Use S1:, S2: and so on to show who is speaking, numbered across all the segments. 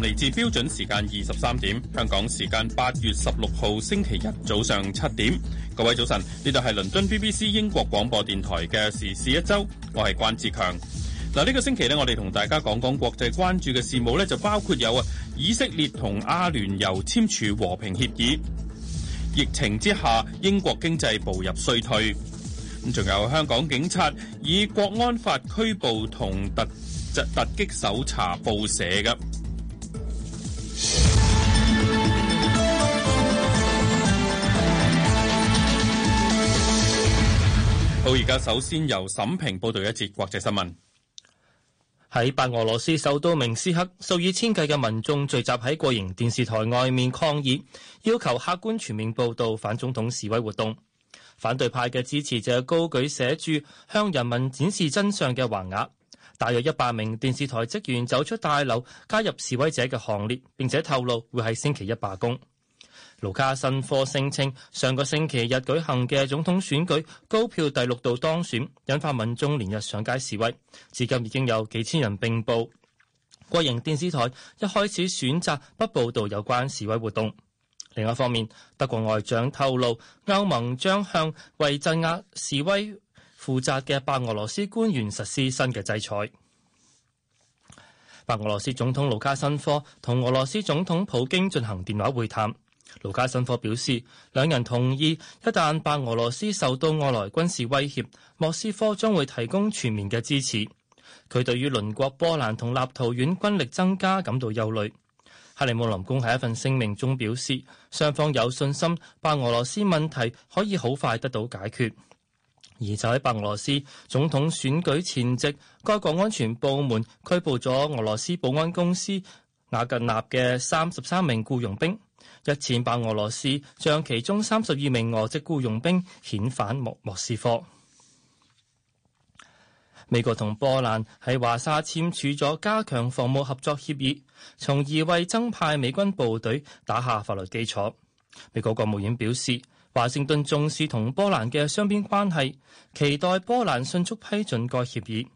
S1: 嚟自標準時間二十三點，香港時間八月十六號星期日早上七點。各位早晨，呢度係倫敦 BBC 英國廣播電台嘅「時事一周」。我係關志強。嗱，呢個星期呢，我哋同大家講講國際關注嘅事務呢，就包括有啊，以色列同阿聯酋簽署和平協議；疫情之下，英國經濟步入衰退；咁仲有香港警察以國安法拘捕同突突擊搜查報社嘅。到而家，首先由沈平報道一節國際新聞。喺白俄
S2: 羅斯首都明斯克，數以千計嘅民眾聚集喺國營電視台外面抗議，要求客觀全面報導反總統示威活動。反對派嘅支持者高舉寫住向人民展示真相嘅橫額，大約一百名電視台職員走出大樓，加入示威者嘅行列，並且透露會喺星期一罷工。盧卡申科聲稱，上個星期日舉行嘅總統選舉高票第六度當選，引發民眾連日上街示威。至今已經有幾千人被捕。國營電視台一開始選擇不報道有關示威活動。另一方面，德國外長透露，歐盟將向為鎮壓示威負責嘅白俄羅斯官員實施新嘅制裁。白俄羅斯總統盧卡申科同俄羅斯總統普京進行電話會談。盧卡申科表示，兩人同意，一旦白俄羅斯受到外來軍事威脅，莫斯科將會提供全面嘅支持。佢對於鄰國波蘭同立陶宛軍力增加感到憂慮。克里姆林宮喺一份聲明中表示，雙方有信心白俄羅斯問題可以好快得到解決。而就喺白俄羅斯總統選舉前夕，該國安全部門拘捕咗俄羅斯保安公司瓦格納嘅三十三名僱傭兵。日前，把俄羅斯將其中三十二名俄籍僱傭兵遣返莫莫斯科。美國同波蘭喺華沙簽署咗加強防務合作協議，從而為增派美軍部隊打下法律基礎。美國國務院表示，華盛頓重視同波蘭嘅雙邊關係，期待波蘭迅速批准該協議。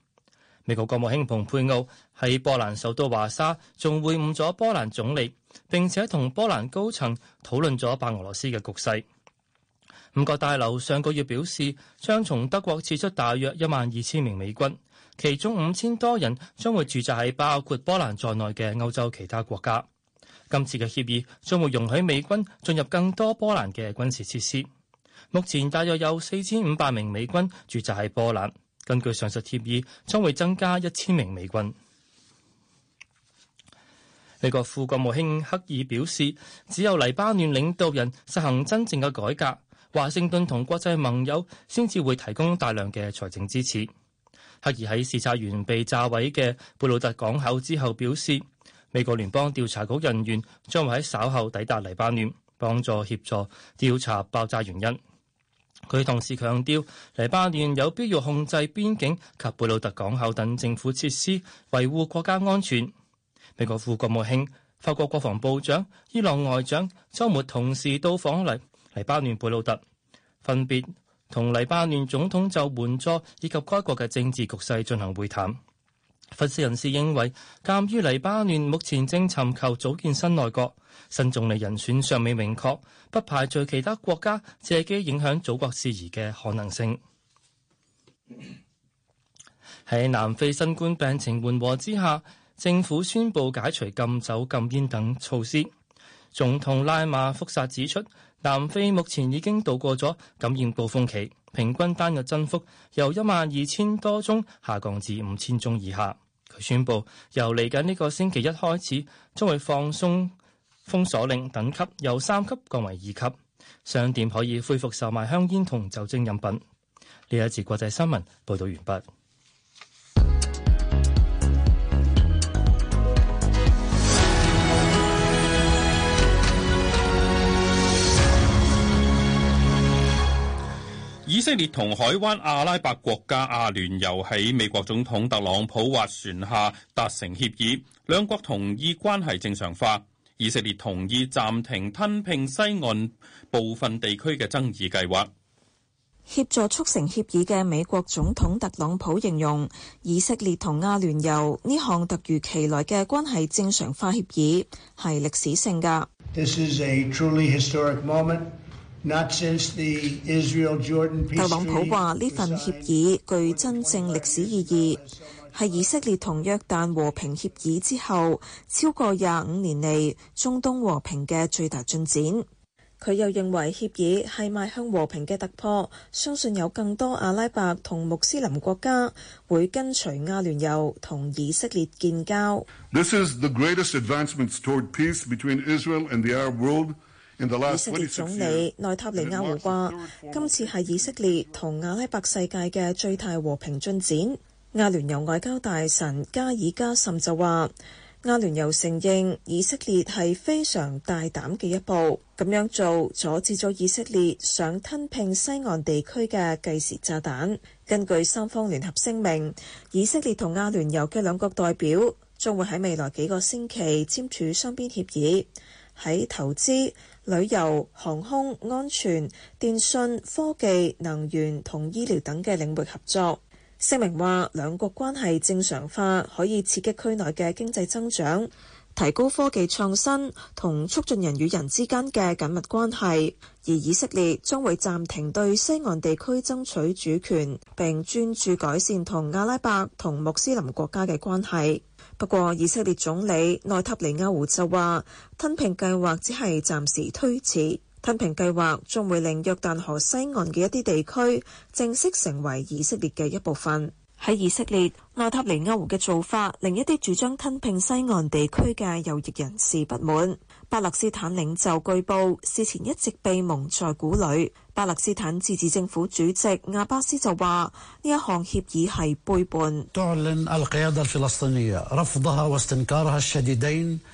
S2: 美國國務卿蓬佩奧喺波蘭首都華沙仲會晤咗波蘭總理，並且同波蘭高層討論咗白俄羅斯嘅局勢。五國大樓上個月表示，將從德國撤出大約一萬二千名美軍，其中五千多人將會駐紮喺包括波蘭在內嘅歐洲其他國家。今次嘅協議將會容許美軍進入更多波蘭嘅軍事設施。目前大約有四千五百名美軍駐紮喺波蘭。根據上述協議，將會增加一千名美軍。美國副國務卿克爾表示，只有黎巴嫩領導人實行真正嘅改革，華盛頓同國際盟友先至會提供大量嘅財政支持。克爾喺視察完被炸毀嘅貝魯特港口之後表示，美國聯邦調查局人員將會喺稍後抵達黎巴嫩，幫助協助調查爆炸原因。佢同時強調，黎巴嫩有必要控制邊境及貝魯特港口等政府設施，維護國家安全。美國副國務卿、法國國防部長、伊朗外長週末同時到訪黎黎巴嫩貝魯特，分別同黎巴嫩總統就援助以及該國嘅政治局勢進行會談。佛斯人士認為，鑑於黎巴嫩目前正尋求組建新內閣，新總理人選尚未明確，不排除其他國家借機影響祖國事宜嘅可能性。喺 南非新冠病情緩和之下，政府宣布解除禁酒禁煙等措施。總統拉馬福薩指出，南非目前已經渡過咗感染暴風期，平均單日增幅由一萬二千多宗下降至五千宗以下。佢宣布由嚟緊呢個星期一開始，將會放鬆封鎖令等級，由三級降為二級。商店可以恢復售賣香煙同酒精飲品。呢一節國際新聞報道完畢。
S1: 以色列同海灣阿拉伯國家阿聯酋喺美國總統特朗普斡旋下達成協議，兩國同意關係正常化。以色列同意暫停吞併西岸部分地區嘅爭議計劃。
S3: 協助促成協議嘅美國總統特朗普形容，以色列同阿聯酋呢項突如其來嘅關係正常化協議係歷史性㗎。
S2: 特朗普話：呢
S3: 份協議具真正歷史意義，係以色列同約旦和平協議之後超過廿五年嚟，中東和平嘅最大進展。佢又認為協議係邁向和平嘅突破，相信有更多阿拉伯同穆斯林國家會跟隨阿聯酋同以色列建交。
S4: This is the greatest advancement toward peace between Israel and the Arab world.
S3: Years, 以色列總理內塔尼亞胡話： 今次係以色列同阿拉伯世界嘅最大和平進展。阿聯酋外交大臣加爾加什就話：阿聯酋承認以色列係非常大膽嘅一步，咁樣做阻止咗以色列想吞併西岸地區嘅計時炸彈。根據三方聯合聲明，以色列同阿聯酋嘅兩國代表將會喺未來幾個星期簽署雙邊協議，喺投資，旅遊、航空、安全、電訊、科技、能源同醫療等嘅領域合作。聲明話，兩國關係正常化可以刺激區內嘅經濟增長，提高科技創新同促進人與人之間嘅緊密關係。而以色列將會暫停對西岸地區爭取主權，並專注改善同阿拉伯同穆斯林國家嘅關係。不過，以色列總理內塔尼亞胡就話，吞併計劃只係暫時推遲，吞併計劃仲會令約旦河西岸嘅一啲地區正式成為以色列嘅一部分。喺以色列，內塔尼亞胡嘅做法令一啲主張吞併西岸地區嘅右翼人士不滿。巴勒斯坦領袖據報事前一直被蒙在鼓裡。巴勒斯坦自治政府主席阿巴斯就話：呢一項協議係背叛。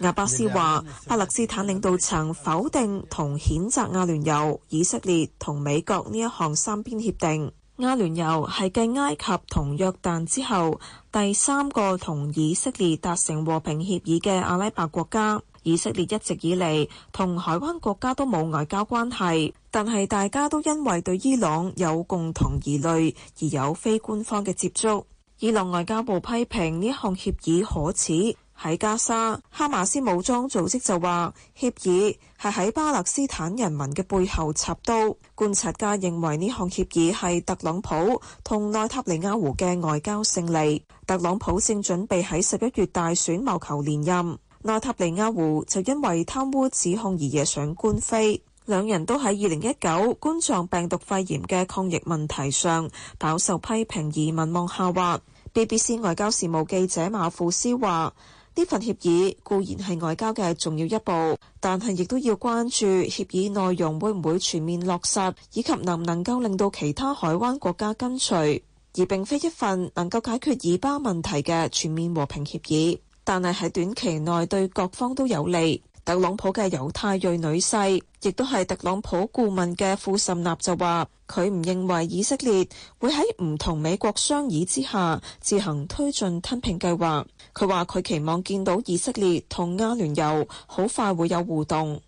S3: 阿巴斯話：巴勒斯坦領導層否定同譴責阿聯酋、以色列同美國呢一項三邊協定。阿聯酋係繼埃及同約旦之後，第三個同以色列達成和平協議嘅阿拉伯國家。以色列一直以嚟同海灣國家都冇外交關係，但係大家都因為對伊朗有共同疑慮而有非官方嘅接觸。伊朗外交部批評呢項協議可恥。喺加沙，哈馬斯武裝組織就話協議係喺巴勒斯坦人民嘅背後插刀。觀察家認為呢項協議係特朗普同內塔尼亞胡嘅外交勝利。特朗普正準備喺十一月大選謀求連任。內塔尼亞胡就因為貪污指控而惹上官非，兩人都喺二零一九冠狀病毒肺炎嘅抗疫問題上飽受批評而民望下滑。BBC 外交事務記者馬庫斯話：呢份協議固然係外交嘅重要一步，但係亦都要關注協議內容會唔會全面落實，以及能唔能夠令到其他海灣國家跟隨，而並非一份能夠解決以巴問題嘅全面和平協議。但係喺短期內對各方都有利。特朗普嘅猶太裔女婿，亦都係特朗普顧問嘅庫什納就話，佢唔認為以色列會喺唔同美國商議之下自行推進吞併計劃。佢話佢期望見到以色列同阿聯酋好快會有互動。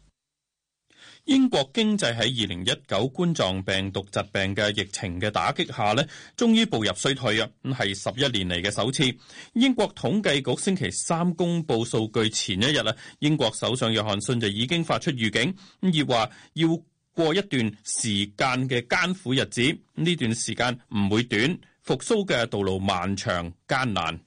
S1: 英國經濟喺二零一九冠狀病毒疾病嘅疫情嘅打擊下咧，終於步入衰退啊！咁係十一年嚟嘅首次。英國統計局星期三公布數據前一日啊，英國首相約翰遜就已經發出預警，咁而話要過一段時間嘅艱苦日子，呢段時間唔會短，復甦嘅道路漫長艱難。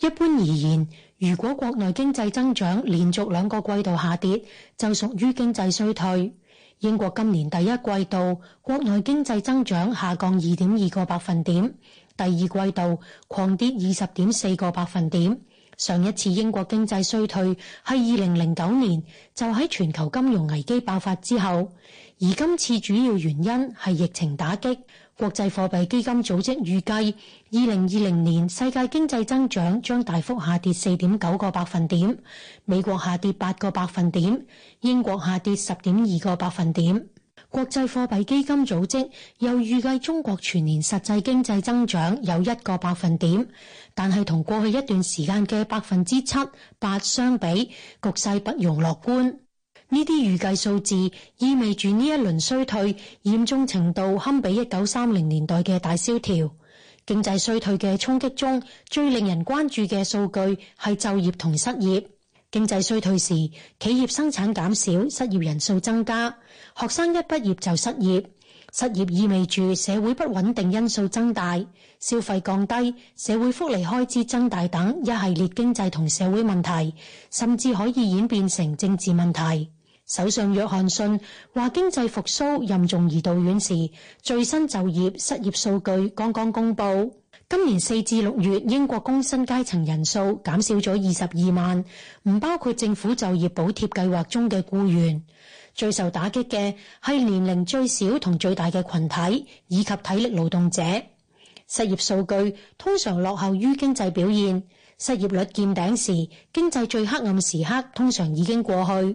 S5: 一般而言。如果國內經濟增長連續兩個季度下跌，就屬於經濟衰退。英國今年第一季度國內經濟增長下降二點二個百分點，第二季度狂跌二十點四個百分點。上一次英國經濟衰退係二零零九年，就喺全球金融危機爆發之後，而今次主要原因係疫情打擊。國際貨幣基金組織預計，二零二零年世界經濟增長將大幅下跌四點九個百分點，美國下跌八個百分點，英國下跌十點二個百分點。國際貨幣基金組織又預計中國全年實際經濟增長有一個百分點，但係同過去一段時間嘅百分之七八相比，局勢不容樂觀。呢啲預計數字意味住呢一輪衰退嚴重程度堪比一九三零年代嘅大蕭條。經濟衰退嘅衝擊中，最令人關注嘅數據係就業同失業。經濟衰退時，企業生產減少，失業人數增加。學生一畢業就失業，失業意味住社會不穩定因素增大，消費降低，社會福利開支增大等一系列經濟同社會問題，甚至可以演變成政治問題。首相約翰遜話經濟復蘇任重而道遠時，最新就業失業數據剛剛公布。今年四至六月，英國工薪階層人數減少咗二十二萬，唔包括政府就業補貼計劃中嘅僱員。最受打擊嘅係年齡最小同最大嘅群體，以及體力勞動者。失業數據通常落後於經濟表現，失業率見頂時，經濟最黑暗時刻通常已經過去。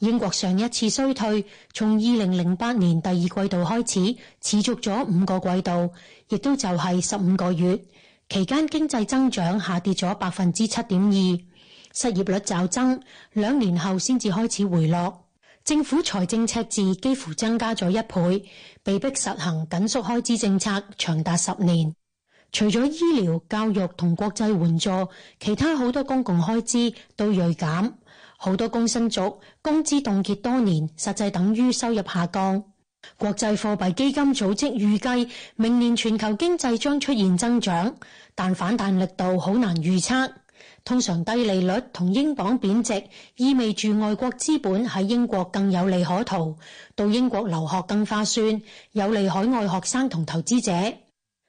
S5: 英國上一次衰退從二零零八年第二季度開始，持續咗五個季度，亦都就係十五個月期間，經濟增長下跌咗百分之七點二，失業率驟增，兩年後先至開始回落。政府財政赤字幾乎增加咗一倍，被迫實行緊縮開支政策長達十年。除咗醫療、教育同國際援助，其他好多公共開支都銳減。好多工薪族工資凍結多年，實際等於收入下降。國際貨幣基金組織預計明年全球經濟將出現增長，但反彈力度好難預測，通常低利率同英鎊貶值意味住外國資本喺英國更有利可圖，到英國留學更劃算，有利海外學生同投資者。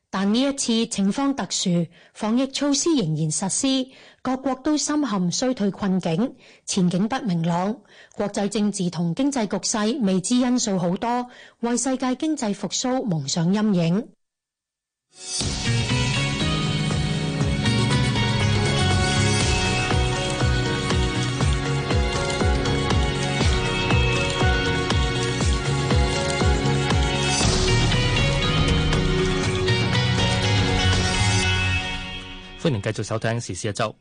S5: 但呢一次情況特殊，防疫措施仍然實施。各國都深陷衰退困境，前景不明朗，國際政治同經濟局勢未知因素好多，為世界經濟復甦蒙上陰影。
S2: 歡迎繼續收聽時事一周。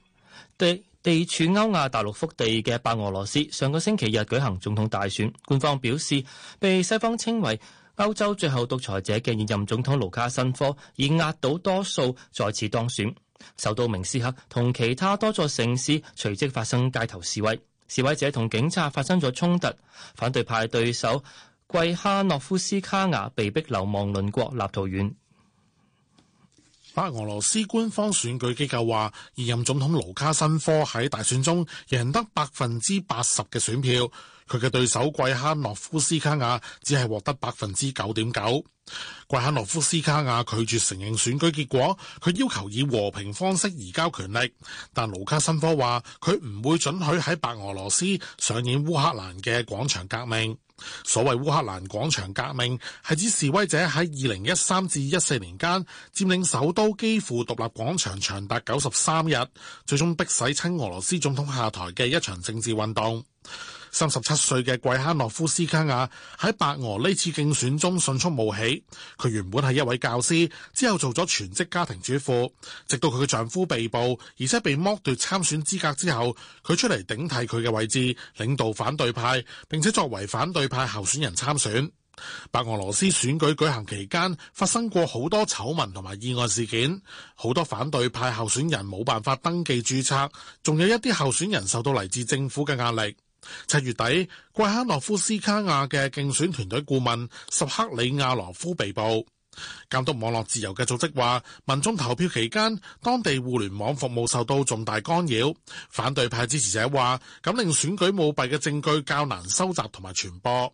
S2: 地地處歐亞大陸腹地嘅白俄羅斯，上個星期日舉行總統大選，官方表示，被西方稱為歐洲最後獨裁者嘅現任總統盧卡申科，以壓倒多數再次當選。受到明斯克同其他多座城市隨即發生街頭示威，示威者同警察發生咗衝突，反對派對手季哈諾夫斯卡亞被
S4: 逼流亡鄰國立陶宛。白俄羅斯官方選舉機構話，現任總統盧卡申科喺大選中贏得百分之八十嘅選票。佢嘅對手季哈諾夫斯卡亞只係獲得百分之九點九。季哈諾夫斯卡亞拒絕承認選舉結果，佢要求以和平方式移交權力。但盧卡申科話佢唔會准許喺白俄羅斯上演烏克蘭嘅廣場革命。所謂烏克蘭廣場革命，係指示威者喺二零一三至一四年間佔領首都基輔獨立廣場，長達九十三日，最終迫使親俄羅斯總統下台嘅一場政治運動。三十七歲嘅季哈諾夫斯卡亞喺白俄呢次競選中迅速冒起。佢原本係一位教師，之後做咗全職家庭主婦，直到佢嘅丈夫被捕，而且被剝奪參選資格之後，佢出嚟頂替佢嘅位置，領導反對派，並且作為反對派候選人參選。白俄羅斯選舉舉行期間發生過好多醜聞同埋意外事件，好多反對派候選人冇辦法登記注冊，仲有一啲候選人受到嚟自政府嘅壓力。七月底，季哈諾夫斯卡亞嘅競選團隊顧問什克里亞羅夫被捕。監督網絡自由嘅組織話，民眾投票期間，當地互聯網服務受到重大干擾。反對派支持者話，咁令選舉舞弊嘅證據較難收集同埋傳播。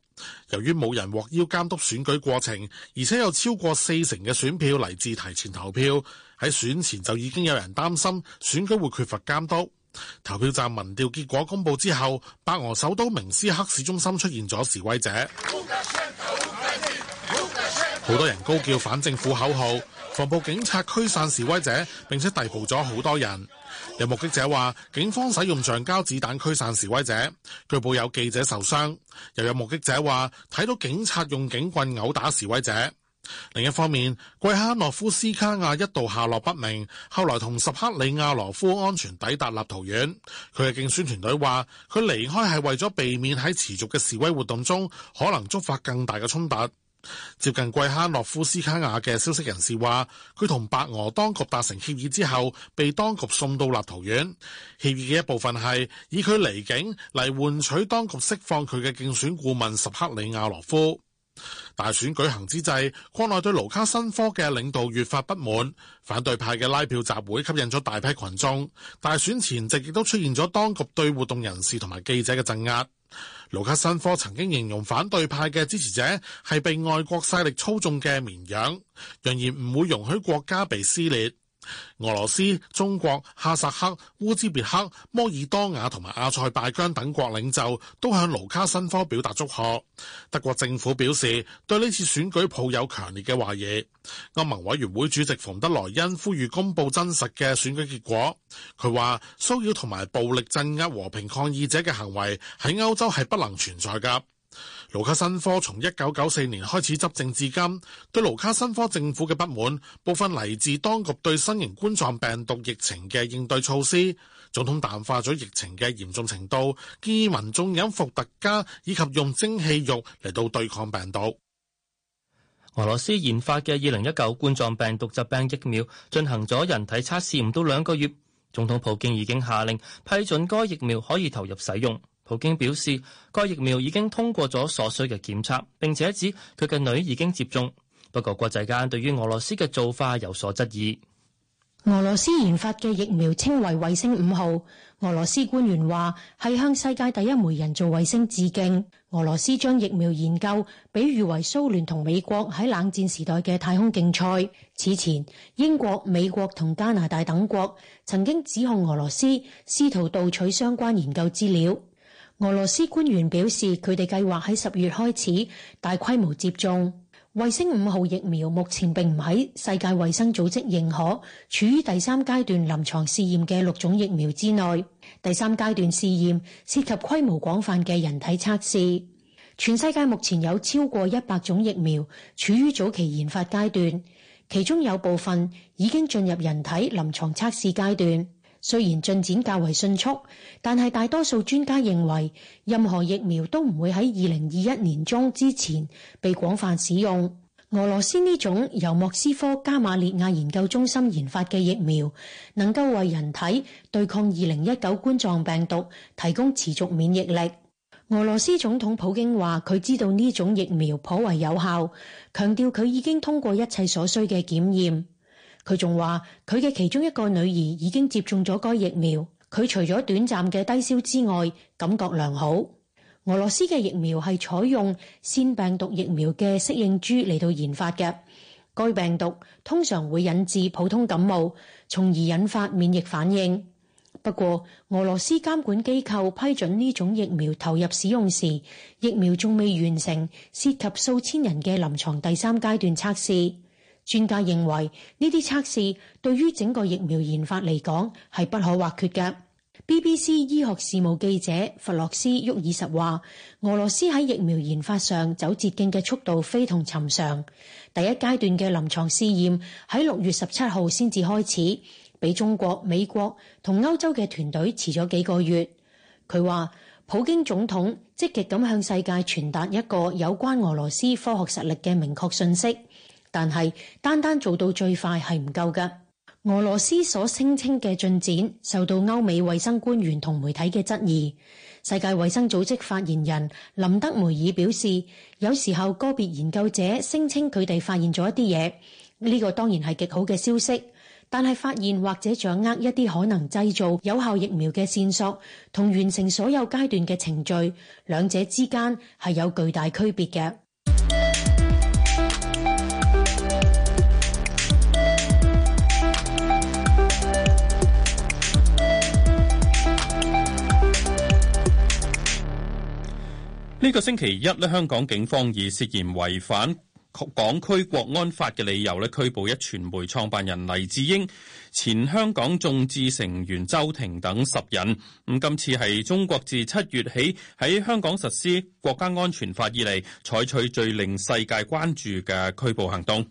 S4: 由於冇人獲邀監督選舉過程，而且有超過四成嘅選票嚟自提前投票，喺選前就已經有人擔心選舉會缺乏監督。投票站民調結果公布之後，白俄首都明斯克市中心出現咗示威者，好多人高叫反政府口號，防暴警察驅散示威者，並且逮捕咗好多人。有目擊者話，警方使用橡膠子彈驅散示威者，據報有記者受傷，又有目擊者話睇到警察用警棍毆打示威者。另一方面，季哈諾夫斯卡亞一度下落不明，後來同什克里亞羅夫安全抵達立陶宛。佢嘅競選團隊話，佢離開係為咗避免喺持續嘅示威活動中可能觸發更大嘅衝突。接近季哈諾夫斯卡亞嘅消息人士話，佢同白俄當局達成協議之後，被當局送到立陶宛。協議嘅一部分係以佢離境嚟換取當局釋放佢嘅競選顧問什克里亞羅夫。大選舉行之際，國內對盧卡申科嘅領導越發不滿，反對派嘅拉票集會吸引咗大批群眾。大選前夕，亦都出現咗當局對活動人士同埋記者嘅鎮壓。盧卡申科曾經形容反對派嘅支持者係被外國勢力操縱嘅綿羊，仍然唔會容許國家被撕裂。俄羅斯、中國、哈薩克、烏茲別克、摩爾多瓦同埋阿塞拜疆等國領袖都向盧卡申科表達祝賀。德國政府表示對呢次選舉抱有強烈嘅懷疑。歐盟委員會主席馮德萊恩呼籲公布真實嘅選舉結果。佢話，騷擾同埋暴力鎮壓和平抗議者嘅行為喺歐洲係不能存在噶。盧卡申科從一九九四年開始執政至今，對盧卡申科政府嘅不滿部分嚟自當局對新型冠狀病毒疫情嘅應對措施。總統淡化咗疫情嘅嚴重程度，建議民眾飲伏特加以及用蒸汽浴嚟到對抗病毒。
S2: 俄羅斯研發嘅二零一九冠狀病毒疾病疫苗進行咗人體測試唔到兩個月，總統普京已經下令批准該疫苗可以投入使用。普京表示，該疫苗已經通過咗所需嘅檢測，並且指佢嘅女已經接種。不過，國際間對於俄羅斯嘅做法有所質疑。
S5: 俄羅斯研發嘅疫苗稱為衛星五號。俄羅斯官員話係向世界第一枚人造衛星致敬。俄羅斯將疫苗研究比喻為蘇聯同美國喺冷戰時代嘅太空競賽。此前，英國、美國同加拿大等國曾經指控俄羅斯試圖盜取相關研究資料。俄羅斯官員表示，佢哋計劃喺十月開始大規模接種衛星五號疫苗。目前並唔喺世界衛生組織認可、處於第三階段臨床試驗嘅六種疫苗之內。第三階段試驗涉及規模廣泛嘅人體測試。全世界目前有超過一百種疫苗處於早期研發階段，其中有部分已經進入人體臨床測試階段。雖然進展較為迅速，但係大多數專家認為，任何疫苗都唔會喺二零二一年中之前被廣泛使用。俄羅斯呢種由莫斯科加馬列亞研究中心研發嘅疫苗，能夠為人體對抗二零一九冠狀病毒提供持續免疫力。俄羅斯總統普京話：佢知道呢種疫苗頗為有效，強調佢已經通過一切所需嘅檢驗。佢仲話，佢嘅其中一個女兒已經接種咗該疫苗，佢除咗短暫嘅低燒之外，感覺良好。俄羅斯嘅疫苗係採用腺病毒疫苗嘅適應株嚟到研發嘅，該病毒通常會引致普通感冒，從而引發免疫反應。不過，俄羅斯監管機構批准呢種疫苗投入使用時，疫苗仲未完成涉及數千人嘅臨床第三階段測試。專家認為呢啲測試對於整個疫苗研發嚟講係不可或缺嘅。BBC 醫學事務記者弗洛斯沃爾什話，俄羅斯喺疫苗研發上走捷徑嘅速度非同尋常。第一階段嘅臨床試驗喺六月十七號先至開始，比中國、美國同歐洲嘅團隊遲咗幾個月。佢話普京總統積極咁向世界傳達一個有關俄羅斯科學實力嘅明確信息。但係，單單做到最快係唔夠噶。俄羅斯所聲稱嘅進展受到歐美衛生官員同媒體嘅質疑。世界衛生組織發言人林德梅爾表示，有時候個別研究者聲稱佢哋發現咗一啲嘢，呢個當然係極好嘅消息。但係發現或者掌握一啲可能製造有效疫苗嘅線索，同完成所有階段嘅程序，兩者之間係有巨大區別嘅。
S1: 呢個星期一咧，香港警方以涉嫌違反港區國安法嘅理由咧，拘捕壹傳媒創辦人黎智英、前香港眾志成員周庭等十人。咁今次係中國自七月起喺香港實施國家安全法以嚟，採取最令世界關注嘅拘捕行動。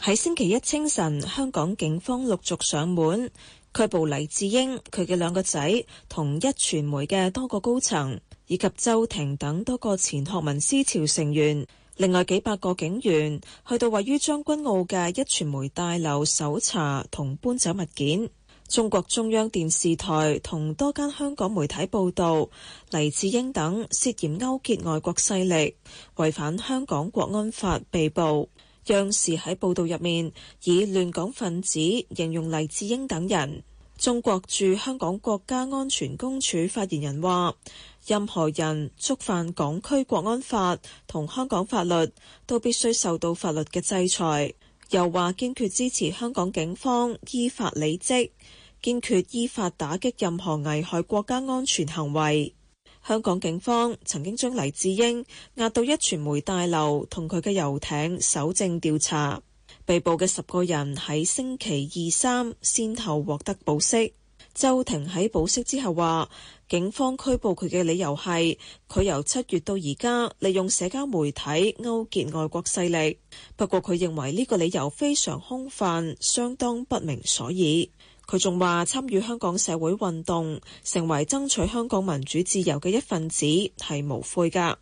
S3: 喺星期一清晨，香港警方陸續上門。拘捕黎智英，佢嘅兩個仔同一傳媒嘅多個高層以及周庭等多個前學民思潮成員，另外幾百個警員去到位於將軍澳嘅一傳媒大樓搜查同搬走物件。中國中央電視台同多間香港媒體報道黎智英等涉嫌勾結外國勢力，違反香港國安法被捕，央視喺報道入面以亂港分子形容黎智英等人。中國駐香港國家安全公署發言人話：任何人觸犯港區國安法同香港法律，都必須受到法律嘅制裁。又話堅決支持香港警方依法履職，堅決依法打擊任何危害國家安全行為。香港警方曾經將黎智英押到一傳媒大樓同佢嘅遊艇搜證調查。被捕嘅十個人喺星期二三，先後獲得保釋。周庭喺保釋之後話，警方拘捕佢嘅理由係佢由七月到而家，利用社交媒體勾結外國勢力。不過佢認為呢個理由非常空泛，相當不明所以。佢仲話，參與香港社會運動，成為爭取香港民主自由嘅一份子，係無悔噶。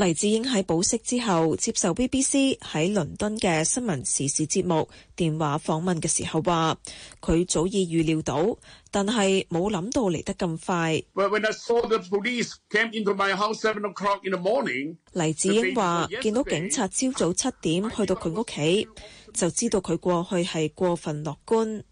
S3: 黎智英喺保釋之後接受 BBC 喺倫敦嘅新聞時事節目電話訪問嘅時候話，佢早已預料到，但係冇諗到嚟得咁快。
S4: Morning，
S3: 黎智英話，見到警察朝早七點去到佢屋企，I I 就知道佢過去係過分樂觀。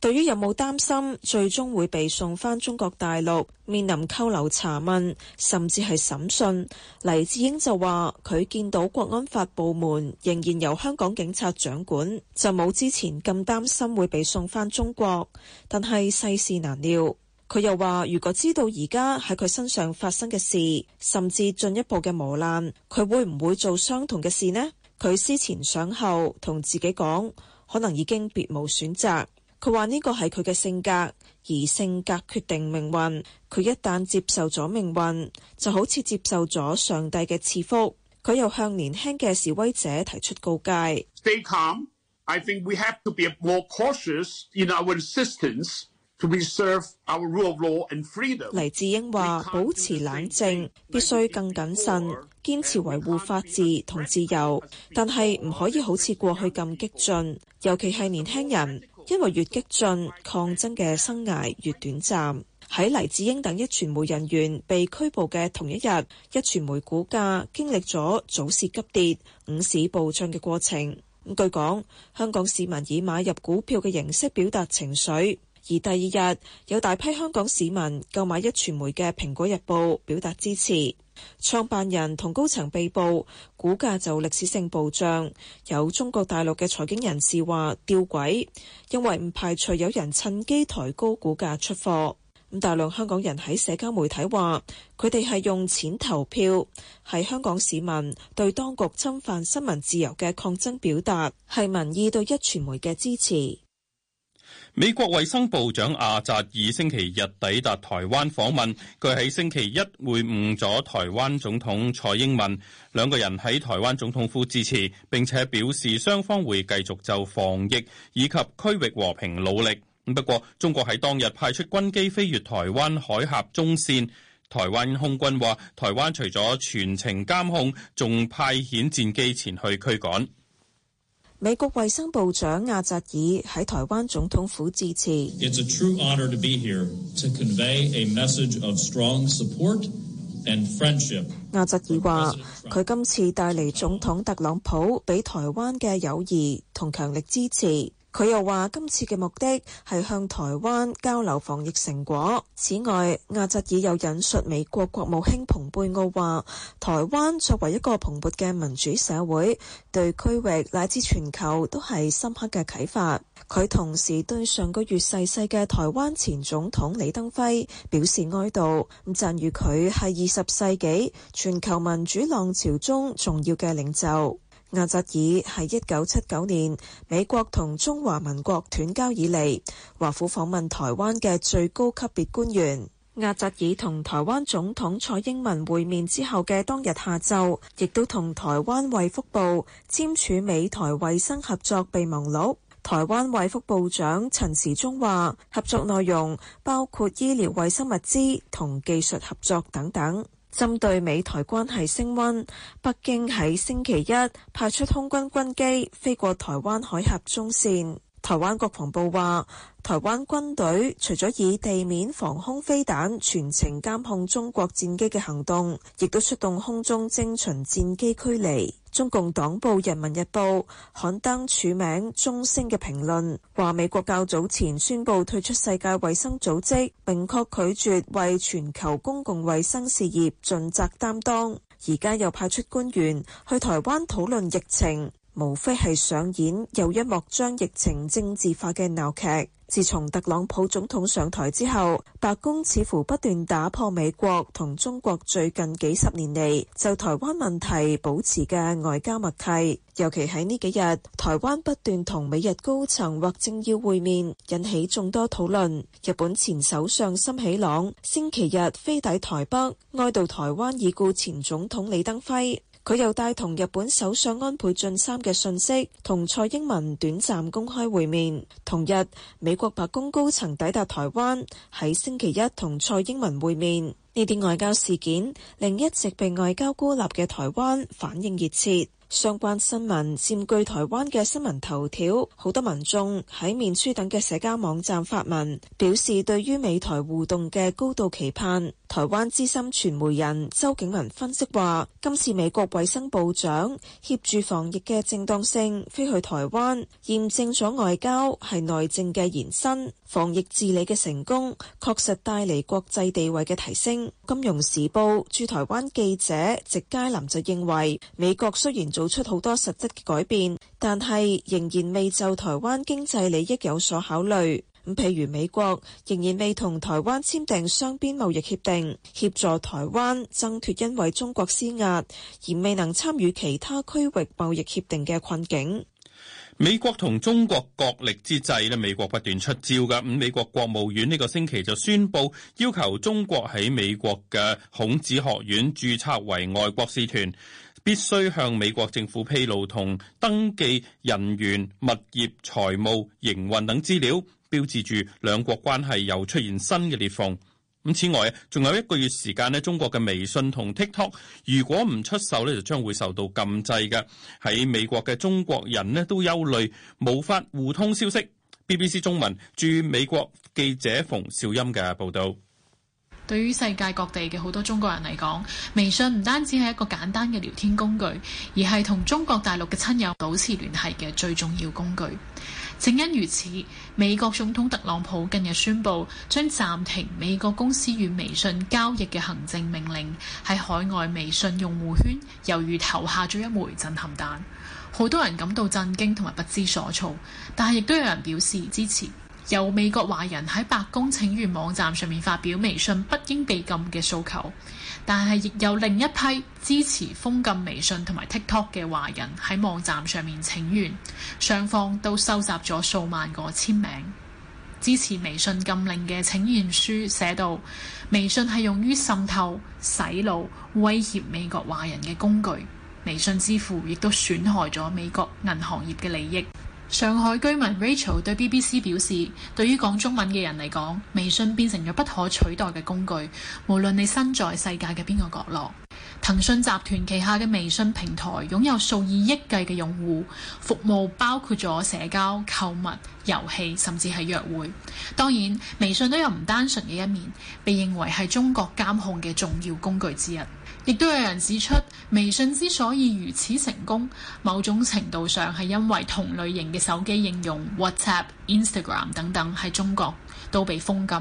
S3: 對於有冇擔心最終會被送返中國大陸面臨扣留、查問甚至係審訊，黎智英就話佢見到國安法部門仍然由香港警察掌管，就冇之前咁擔心會被送返中國。但係世事難料，佢又話如果知道而家喺佢身上發生嘅事，甚至進一步嘅磨難，佢會唔會做相同嘅事呢？佢思前想後，同自己講，可能已經別無選擇。佢話呢個係佢嘅性格，而性格決定命運。佢一旦接受咗命運，就好似接受咗上帝嘅賜福。佢又向年輕嘅示威者提出告誡：Stay calm。I think we have to be more cautious in our insistence to reserve our rule of law and freedom。黎智英話保持冷靜，必須更謹慎，堅持維護法治同自由，但係唔可以好似過去咁激進，尤其係年輕人。因為越激進抗爭嘅生涯越短暫。喺黎智英等一傳媒人員被拘捕嘅同一日，一傳媒股價經歷咗早市急跌、午市暴漲嘅過程。咁據講，香港市民以買入股票嘅形式表達情緒，而第二日有大批香港市民購買一傳媒嘅《蘋果日報》，表達支持。創辦人同高層被捕，股價就歷史性暴漲。有中國大陸嘅財經人士話吊詭，因為唔排除有人趁機抬高股價出貨。咁大量香港人喺社交媒體話，佢哋係用錢投票，係香港市民對當局侵犯新聞自由嘅抗爭表達，係民意對壹傳媒嘅支持。
S1: 美國衛生部長阿扎爾星期日抵達台灣訪問，佢喺星期一會晤咗台灣總統蔡英文，兩個人喺台灣總統府致辭，並且表示雙方會繼續就防疫以及區域和平努力。不過，中國喺當日派出軍機飛越台灣海峽中線，台灣空軍話台灣除咗全程監控，仲派遣戰機前去驅趕。
S3: 美國衛生部長阿扎爾喺台灣總統府致辭。
S1: It's a true honor to be here, to convey a message of strong support and friendship.
S3: 阿扎爾話：佢今次帶嚟總統特朗普俾台灣嘅友誼同強力支持。佢又話今次嘅目的係向台灣交流防疫成果。此外，阿澤爾又引述美國國務卿蓬佩奧話，台灣作為一個蓬勃嘅民主社會，對區域乃至全球都係深刻嘅啟發。佢同時對上個月逝世嘅台灣前總統李登輝表示哀悼，咁讚譽佢係二十世紀全球民主浪潮中重要嘅領袖。阿扎爾係一九七九年美國同中華民國斷交以嚟，華府訪問台灣嘅最高級別官員。阿扎爾同台灣總統蔡英文會面之後嘅當日下晝，亦都同台灣衛福部簽署美台衛生合作備忘錄。台灣衛福部長陳時中話，合作內容包括醫療衛生物資同技術合作等等。針對美台關係升溫，北京喺星期一派出空軍軍機飛過台灣海峽中線。台灣國防部話，台灣軍隊除咗以地面防空飛彈全程監控中國戰機嘅行動，亦都出動空中偵巡戰機驅離。中共黨報《人民日報》刊登署名鐘聲嘅評論，話美國較早前宣布退出世界衛生組織，明確拒絕為全球公共衛生事業盡責擔當，而家又派出官員去台灣討論疫情，無非係上演又一幕將疫情政治化嘅鬧劇。自從特朗普總統上台之後，白宮似乎不斷打破美國同中國最近幾十年嚟，就台灣問題保持嘅外交默契。尤其喺呢幾日，台灣不斷同美日高層或政要會面，引起眾多討論。日本前首相森喜朗星期日飛抵台北，哀悼台灣已故前總統李登輝。佢又帶同日本首相安倍晉三嘅信息，同蔡英文短暫公開會面。同日，美國白宮高層抵達台灣，喺星期一同蔡英文會面。呢啲外交事件令一直被外交孤立嘅台灣反應熱切。相關新聞佔據台灣嘅新聞頭條，好多民眾喺面書等嘅社交網站發文，表示對於美台互動嘅高度期盼。台灣資深傳媒人周景文分析話：今次美國衛生部長協助防疫嘅正當性飛去台灣，驗證咗外交係內政嘅延伸，防疫治理嘅成功確實帶嚟國際地位嘅提升。金融時報駐台灣記者席佳琳就認為，美國雖然。做出好多實質嘅改變，但係仍然未就台灣經濟利益有所考慮。咁，譬如美國仍然未同台灣簽訂雙邊貿易協定，協助台灣掙脫因為中國施壓而未能參與其他區域貿易協定嘅困境。
S1: 美國同中國角力之際呢，美國不斷出招噶。咁，美國國務院呢個星期就宣布要求中國喺美國嘅孔子學院注冊為外國使團。必須向美國政府披露同登記人員、物業、財務、營運等資料，標誌住兩國關係又出現新嘅裂縫。咁此外，仲有一個月時間咧，中國嘅微信同 TikTok 如果唔出售呢就將會受到禁制嘅。喺美國嘅中國人呢，都憂慮無法互通消息。BBC 中文駐美國記者馮兆音嘅報導。
S6: 對於世界各地嘅好多中國人嚟講，微信唔單止係一個簡單嘅聊天工具，而係同中國大陸嘅親友保持聯繫嘅最重要工具。正因如此，美國總統特朗普近日宣布將暫停美國公司與微信交易嘅行政命令，喺海外微信用戶圈猶如投下咗一枚震撼彈。好多人感到震驚同埋不知所措，但係亦都有人表示支持。有美國華人喺白宮請願網站上面發表微信不應被禁嘅訴求，但係亦有另一批支持封禁微信同埋 TikTok 嘅華人喺網站上面請願，雙方都收集咗數萬個簽名。支持微信禁令嘅請願書寫道，寫到微信係用於滲透、洗腦、威脅美國華人嘅工具，微信支付亦都損害咗美國銀行業嘅利益。上海居民 Rachel 對 BBC 表示，對於講中文嘅人嚟講，微信變成咗不可取代嘅工具。無論你身在世界嘅邊個角落，騰訊集團旗下嘅微信平台擁有數以億計嘅用戶，服務包括咗社交、購物、遊戲，甚至係約會。當然，微信都有唔單純嘅一面，被認為係中國監控嘅重要工具之一。亦都有人指出，微信之所以如此成功，某種程度上，係因為同類型嘅手機應用 WhatsApp、Instagram 等等喺中國都被封禁。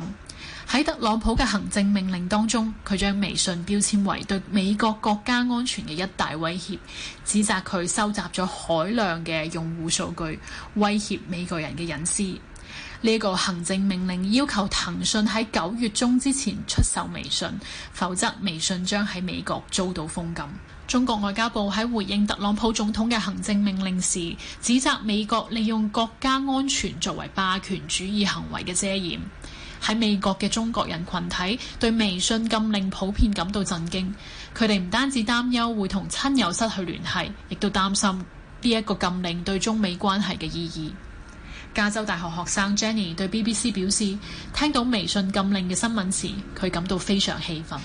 S6: 喺特朗普嘅行政命令當中，佢將微信標籤為對美國國家安全嘅一大威脅，指責佢收集咗海量嘅用戶數據，威脅美國人嘅隱私。呢個行政命令要求騰訊喺九月中之前出售微信，否則微信將喺美國遭到封禁。中國外交部喺回應特朗普總統嘅行政命令時，指責美國利用國家安全作為霸權主義行為嘅遮掩。喺美國嘅中國人群體對微信禁令普遍感到震驚，佢哋唔單止擔憂會同親友失去聯繫，亦都擔心呢一個禁令對中美關係嘅意義。加州大學學生 Jenny 對 BBC 表示，聽到微信禁令嘅新聞時，佢感到非常氣憤。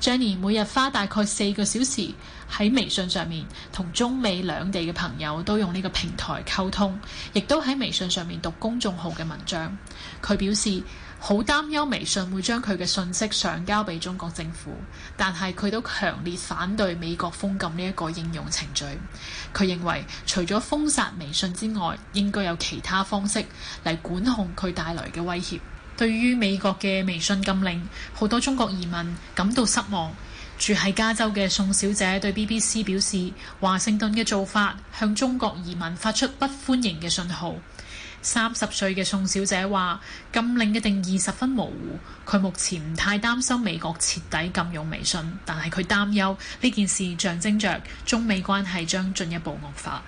S6: Jenny 每日花大概四個小時喺微信上面，同中美兩地嘅朋友都用呢個平台溝通，亦都喺微信上面讀公眾號嘅文章。佢表示：好擔憂微信會將佢嘅信息上交俾中國政府，但係佢都強烈反對美國封禁呢一個應用程序。佢認為除咗封殺微信之外，應該有其他方式嚟管控佢帶來嘅威脅。對於美國嘅微信禁令，好多中國移民感到失望。住喺加州嘅宋小姐對 BBC 表示，華盛頓嘅做法向中國移民發出不歡迎嘅信號。三十歲嘅宋小姐話：禁令嘅定義十分模糊，佢目前唔太擔心美國徹底禁用微信，但係佢擔憂呢件事象徵着中美關係將進一步惡化。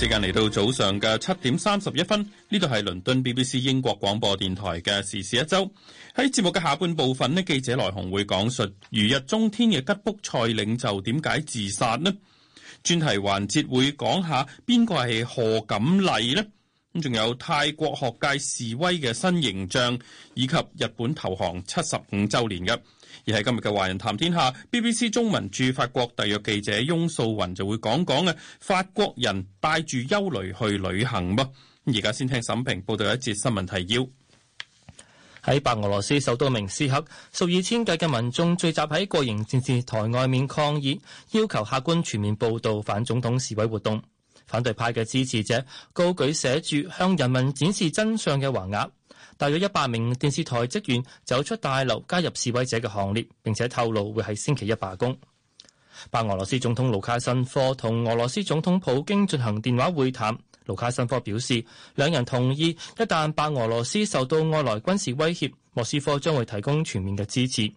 S1: 時間嚟到早上嘅七點三十一分，呢度係倫敦 BBC 英國廣播電台嘅時事一周。喺節目嘅下半部分，呢記者來鴻會講述如日中天嘅吉普賽領袖點解自殺呢？專題環節會講下邊個係賀錦麗呢？咁仲有泰國學界示威嘅新形象，以及日本投降七十五周年嘅。而喺今日嘅《華人談天下》，BBC 中文駐法國特約記者翁素雲就會講講啊，法國人帶住憂慮去旅行噃。而家先聽沈平報道一節新聞提要。喺白俄羅斯首都
S2: 明斯克，數以千計嘅民眾聚集喺國營電視台外面抗議，要求客觀全面報導反總統示威活動。反對派嘅支持者高舉寫住向人民展示真相嘅橫額。大約一百名電視台職員走出大樓，加入示威者嘅行列，並且透露會喺星期一罷工。白俄羅斯總統盧卡申科同俄羅斯總統普京進行電話會談，盧卡申科表示，兩人同意一旦白俄羅斯受到外來軍事威脅，莫斯科將會提供全面嘅支持。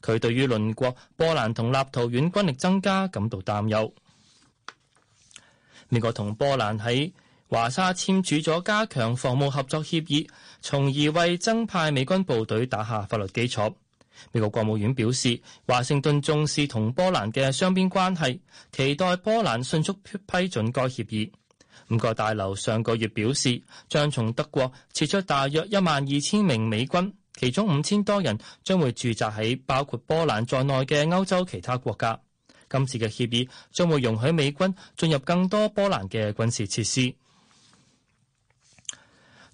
S2: 佢對於鄰國波蘭同立陶宛軍力增加感到擔憂。美國同波蘭喺華沙簽署咗加強防務合作協議，從而為增派美軍部隊打下法律基礎。美國國務院表示，華盛頓重視同波蘭嘅雙邊關係，期待波蘭迅速批准該協議。五角大樓上個月表示，將從德國撤出大約一萬二千名美軍，其中五千多人將會駐紮喺包括波蘭在內嘅歐洲其他國家。今次嘅協議將會容許美軍進入更多波蘭嘅軍事設施。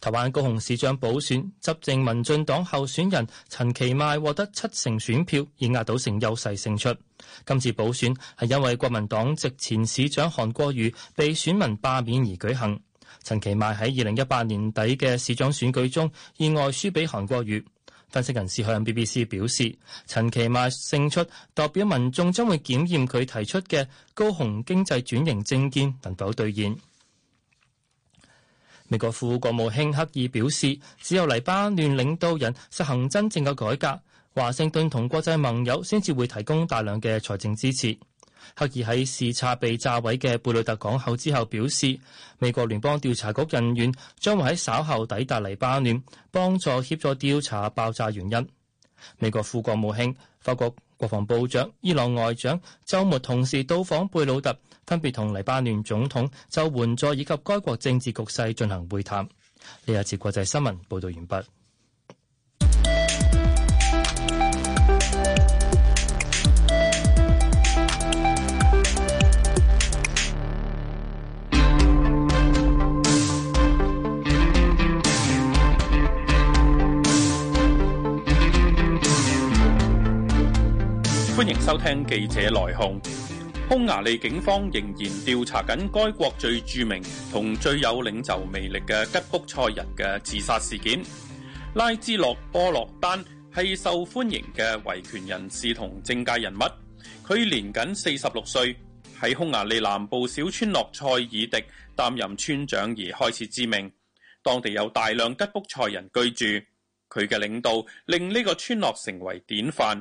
S2: 昨晚高雄市長補選，執政民進黨候選人陳其邁獲得七成選票，以壓倒性優勢勝出。今次補選係因為國民黨籍前市長韓國瑜被選民罷免而舉行。陳其邁喺二零一八年底嘅市長選舉中意外輸畀韓國瑜。分析人士向 BBC 表示，陳其邁勝出代表民眾將會檢驗佢提出嘅高雄經濟轉型政見能否兌現。美國副國務卿克爾表示，只有黎巴嫩領導人實行真正嘅改革，華盛頓同國際盟友先至會提供大量嘅財政支持。克爾喺視察被炸毀嘅貝魯特港口之後表示，美國聯邦調查局人員將會喺稍後抵達黎巴嫩，幫助協助調查爆炸原因。美國副國務卿法國國防部長、伊朗外長周末同時到訪貝魯特，分別同黎巴嫩總統就援助以及該國政治局勢進行會談。呢一次國際新聞報道完畢。
S1: 歡迎收聽記者來鴻。匈牙利警方仍然調查緊該國最著名同最有領袖魅力嘅吉卜賽人嘅自殺事件。拉茲洛·波洛丹係受歡迎嘅維權人士同政界人物，佢年僅四十六歲，喺匈牙利南部小村落塞爾迪擔任村長而開始知名。當地有大量吉卜賽人居住，佢嘅領導令呢個村落成為典範。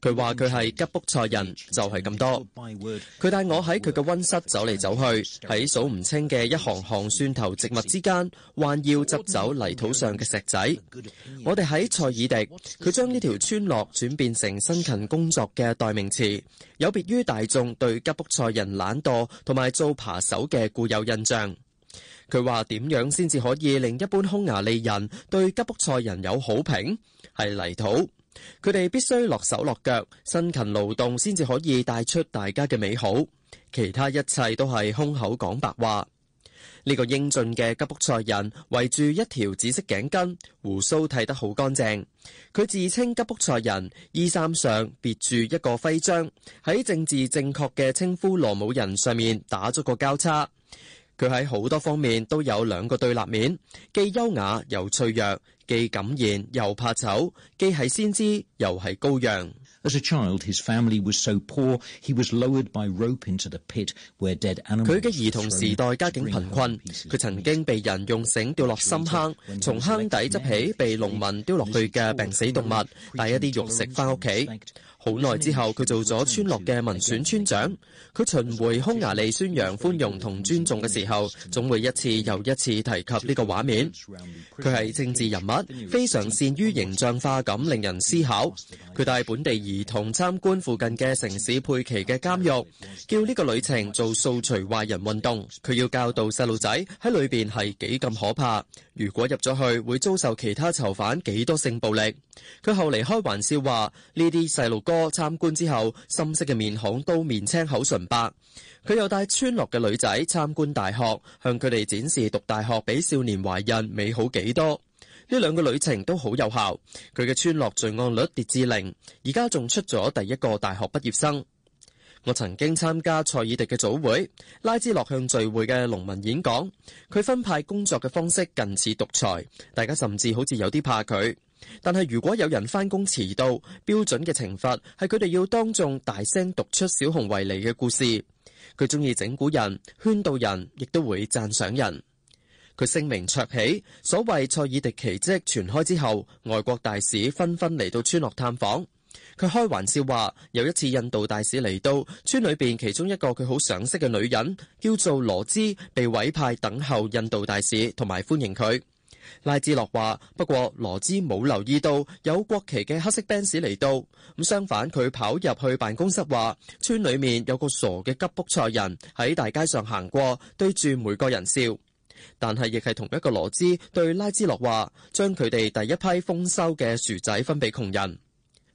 S7: 佢話：佢係吉卜賽人，就係咁多。佢帶我喺佢嘅溫室走嚟走去，喺數唔清嘅一行行蒜頭植物之間，還要執走泥土上嘅石仔。我哋喺塞爾迪，佢將呢條村落轉變成辛勤工作嘅代名詞，有別於大眾對吉卜賽人懶惰同埋做扒手嘅固有印象。佢話點樣先至可以令一般匈牙利人對吉卜賽人有好評？係泥土。佢哋必須落手落腳，辛勤勞動，先至可以帶出大家嘅美好。其他一切都係空口講白話。呢、這個英俊嘅吉卜賽人圍住一條紫色頸巾，鬍鬚剃得好乾淨。佢自稱吉卜賽人，衣衫上別住一個徽章，喺政治正確嘅稱呼羅姆人上面打咗個交叉。佢喺好多方面都有兩個對立面，既優雅又脆弱。既敢演又怕醜，既係先知又係羔羊。佢嘅兒童時代家境貧困，佢曾經被人用繩吊落深坑，從坑底執起被農民丟落去嘅病死動物，帶一啲肉食返屋企。好耐之後，佢做咗村落嘅民選村長。佢巡迴匈牙利宣揚寬容同尊重嘅時候，總會一次又一次提及呢個畫面。佢係政治人物，非常善於形象化噉，令人思考。佢帶本地兒童參觀附近嘅城市佩奇嘅監獄，叫呢個旅程做掃除壞人運動。佢要教導細路仔喺裏邊係幾咁可怕，如果入咗去會遭受其他囚犯幾多性暴力。佢後嚟開玩笑話：呢啲細路。多參觀之後，深色嘅面孔都面青口唇白。佢又帶村落嘅女仔參觀大學，向佢哋展示讀大學比少年懷孕美好幾多。呢兩個旅程都好有效。佢嘅村落罪案率跌至零，而家仲出咗第一個大學畢業生。我曾經參加賽爾迪嘅早會，拉茲洛向聚會嘅農民演講。佢分派工作嘅方式近似獨裁，大家甚至好似有啲怕佢。但係如果有人翻工遲到，標準嘅懲罰係佢哋要當眾大聲讀出小熊維尼嘅故事。佢中意整蠱人、圈到人，亦都會讚賞人。佢聲名鵲起，所謂塞爾迪奇蹟傳開之後，外國大使紛紛嚟到村落探訪。佢開玩笑話，有一次印度大使嚟到村裏邊，其中一個佢好賞識嘅女人叫做羅茲，被委派等候印度大使同埋歡迎佢。拉茲洛話，不過羅茲冇留意到有國旗嘅黑色巴士嚟到，咁相反佢跑入去辦公室話，村裏面有個傻嘅吉卜賽人喺大街上行過，對住每個人笑。但係亦係同一個羅茲對拉茲洛話，將佢哋第一批豐收嘅薯仔分俾窮人。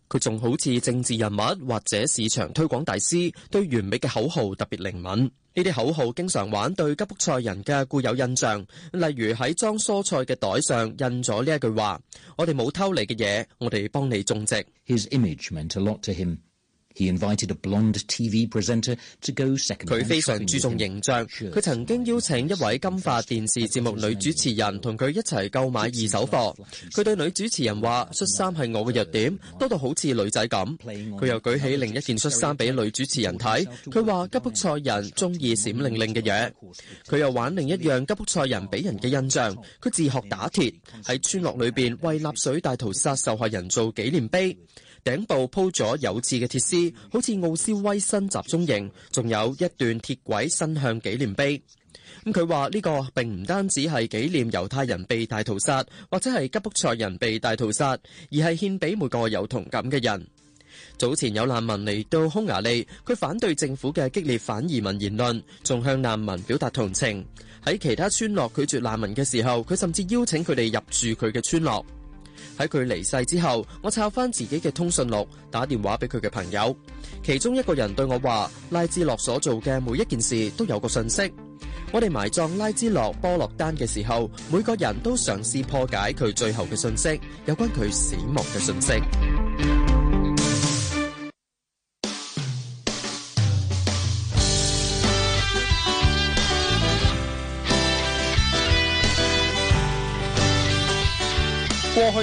S7: 佢仲好似政治人物或者市場推廣大師，對完美嘅口號特別靈敏。呢啲口號經常玩對吉普賽人嘅固有印象，例如喺裝蔬菜嘅袋上印咗呢一句話：我哋冇偷你嘅嘢，我哋幫你種植。His image meant a lot to him. 佢非常注重形象，佢曾經邀請一位金髮電視節目女主持人同佢一齊購買二手貨。佢對女主持人話：恤衫係我嘅弱點，多到好似女仔咁。佢又舉起另一件恤衫俾女主持人睇，佢話吉卜賽人中意閃靈靈嘅嘢。佢又玩另一樣吉卜賽人俾人嘅印象，佢自學打鐵，喺村落裏邊為納粹大屠殺受害人做紀念碑。頂部鋪咗有刺嘅鐵絲，好似奧斯威辛集中營，仲有一段鐵軌伸向紀念碑。咁佢話呢個並唔單止係紀念猶太人被大屠殺，或者係吉卜賽人被大屠殺，而係獻俾每個有同感嘅人。早前有難民嚟到匈牙利，佢反對政府嘅激烈反移民言論，仲向難民表達同情。喺其他村落拒絕難民嘅時候，佢甚至邀請佢哋入住佢嘅村落。喺佢離世之後，我抄返自己嘅通訊錄，打電話俾佢嘅朋友。其中一個人對我話：拉茲洛所做嘅每一件事都有個訊息。我哋埋葬拉茲洛波洛丹嘅時候，每個人都嘗試破解佢最後嘅訊息，有關佢死亡嘅訊息。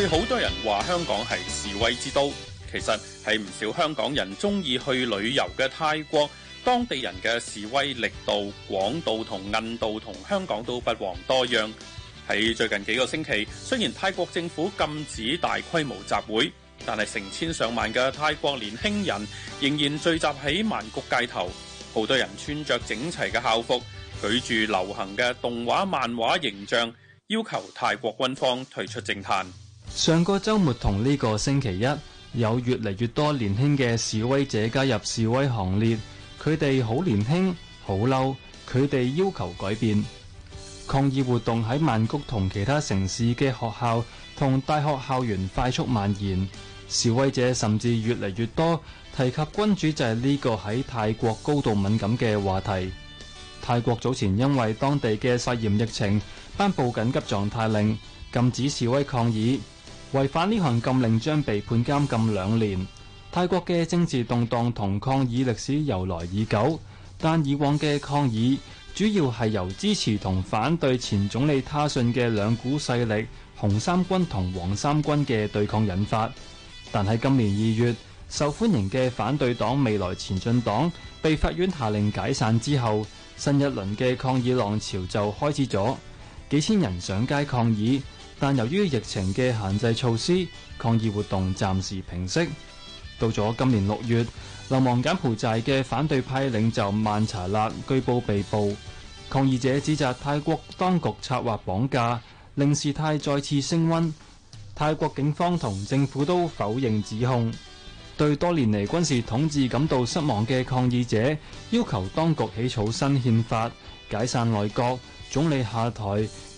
S1: 好多人話，香港係示威之都。其實係唔少香港人中意去旅遊嘅泰國當地人嘅示威力度、廣度同韌度同香港都不遑多讓。喺最近幾個星期，雖然泰國政府禁止大規模集會，但係成千上萬嘅泰國年輕人仍然聚集喺曼谷街頭。好多人穿着整齊嘅校服，舉住流行嘅動畫漫畫形象，要求泰國軍方退出政壇。
S8: 上個周末同呢個星期一，有越嚟越多年輕嘅示威者加入示威行列。佢哋好年輕，好嬲。佢哋要求改變。抗議活動喺曼谷同其他城市嘅學校同大學校園快速蔓延。示威者甚至越嚟越多提及君主制呢個喺泰國高度敏感嘅話題。泰國早前因為當地嘅肺炎疫情，頒布緊急狀態令，禁止示威抗議。違反呢項禁令將被判監禁兩年。泰國嘅政治動盪同抗議歷史由來已久，但以往嘅抗議主要係由支持同反對前總理他信嘅兩股勢力紅衫軍同黃衫軍嘅對抗引發。但喺今年二月，受歡迎嘅反對黨未來前進黨被法院下令解散之後，新一輪嘅抗議浪潮就開始咗，幾千人上街抗議。但由於疫情嘅限制措施，抗議活動暫時平息。到咗今年六月，流亡柬埔寨嘅反對派領袖曼查納據報被捕，抗議者指責泰國當局策劃綁架，令事態再次升温。泰國警方同政府都否認指控。對多年嚟軍事統治感到失望嘅抗議者，要求當局起草新憲法、解散內閣、總理下台。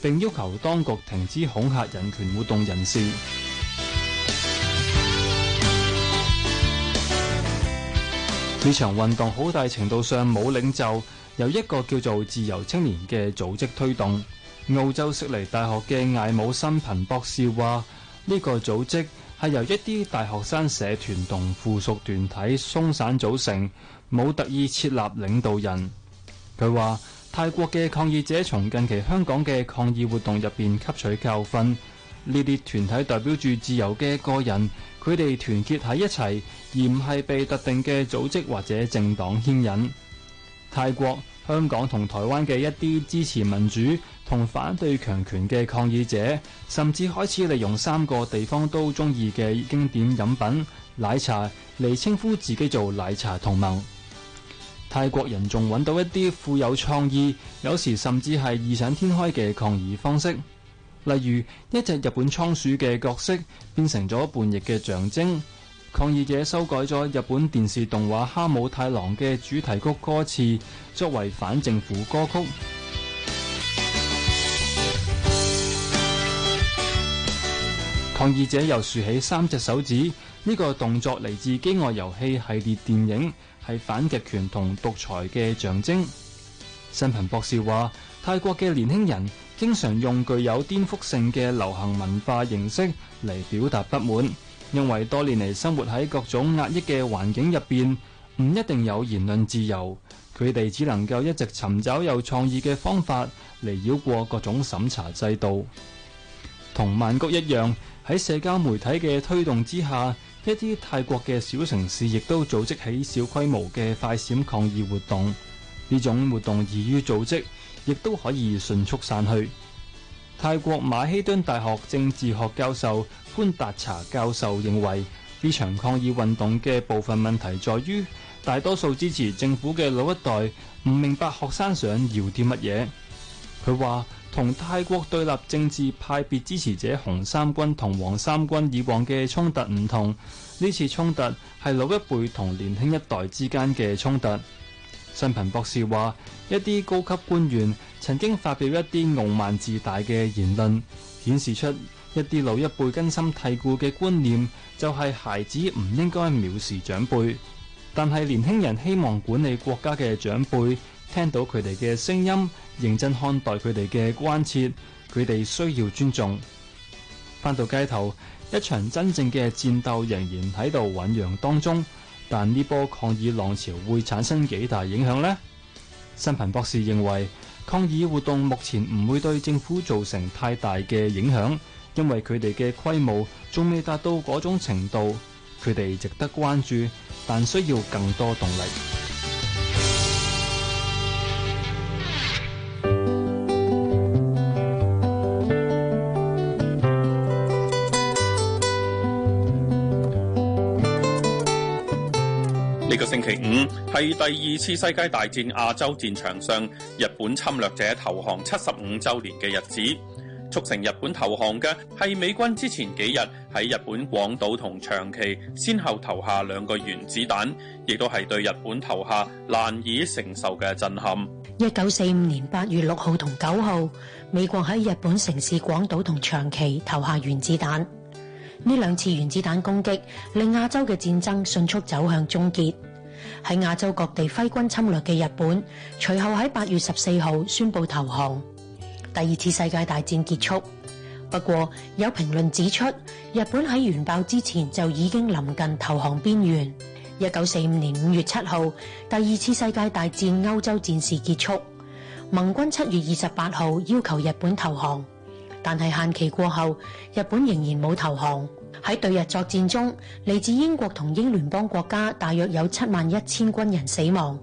S8: 並要求當局停止恐嚇人權活動人士。呢場運動好大程度上冇領袖，由一個叫做自由青年嘅組織推動。澳洲悉尼大學嘅艾姆森彭博士話：呢、這個組織係由一啲大學生社團同附屬團體鬆散組成，冇特意設立領導人。佢話。泰國嘅抗議者從近期香港嘅抗議活動入邊吸取教訓，呢啲團體代表住自由嘅個人，佢哋團結喺一齊，而唔係被特定嘅組織或者政黨牽引。泰國、香港同台灣嘅一啲支持民主同反對強權嘅抗議者，甚至開始利用三個地方都中意嘅經典飲品奶茶嚟稱呼自己做奶茶同盟。泰國人仲揾到一啲富有創意，有時甚至係異想天開嘅抗議方式。例如，一隻日本倉鼠嘅角色變成咗叛逆嘅象徵，抗議者修改咗日本電視動畫《哈姆太郎》嘅主題曲歌詞，作為反政府歌曲。抗議者又豎起三隻手指，呢個動作嚟自《飢餓遊戲》系列電影。係反極權同獨裁嘅象徵。新朋博士話：泰國嘅年輕人經常用具有顛覆性嘅流行文化形式嚟表達不滿，因為多年嚟生活喺各種壓抑嘅環境入邊，唔一定有言論自由。佢哋只能夠一直尋找有創意嘅方法嚟繞過各種審查制度。同曼谷一樣，喺社交媒體嘅推動之下。一啲泰國嘅小城市亦都組織起小規模嘅快閃抗議活動，呢種活動易於組織，亦都可以迅速散去。泰國馬希敦大學政治學教授潘達查教授認為，呢場抗議運動嘅部分問題在於大多數支持政府嘅老一代唔明白學生想要啲乜嘢。佢話：同泰國對立政治派別支持者紅衫軍同黃衫軍以往嘅衝突唔同，呢次衝突係老一輩同年輕一代之間嘅衝突。新朋博士話：一啲高級官員曾經發表一啲傲慢自大嘅言論，顯示出一啲老一輩根深蒂固嘅觀念，就係孩子唔應該藐視長輩，但係年輕人希望管理國家嘅長輩聽到佢哋嘅聲音，認真看待佢哋嘅關切，佢哋需要尊重。返到街頭，一場真正嘅戰鬥仍然喺度醖釀當中，但呢波抗議浪潮會產生幾大影響呢？新貧博士認為，抗議活動目前唔會對政府造成太大嘅影響，因為佢哋嘅規模仲未達到嗰種程度。佢哋值得關注，但需要更多動力。
S1: 係第二次世界大戰亞洲戰場上日本侵略者投降七十五周年嘅日子，促成日本投降嘅係美軍之前幾日喺日本廣島同長崎先後投下兩個原子彈，亦都係對日本投下難以承受嘅震撼。
S5: 一九四五年八月六號同九號，美國喺日本城市廣島同長崎投下原子彈。呢兩次原子彈攻擊令亞洲嘅戰爭迅速走向終結。喺亞洲各地揮軍侵略嘅日本，隨後喺八月十四號宣布投降，第二次世界大戰結束。不過有評論指出，日本喺原爆之前就已經臨近投降邊緣。一九四五年五月七號，第二次世界大戰歐洲戰事結束，盟軍七月二十八號要求日本投降，但係限期過後，日本仍然冇投降。喺對日作戰中，嚟自英國同英聯邦國家大約有七萬一千軍人死亡，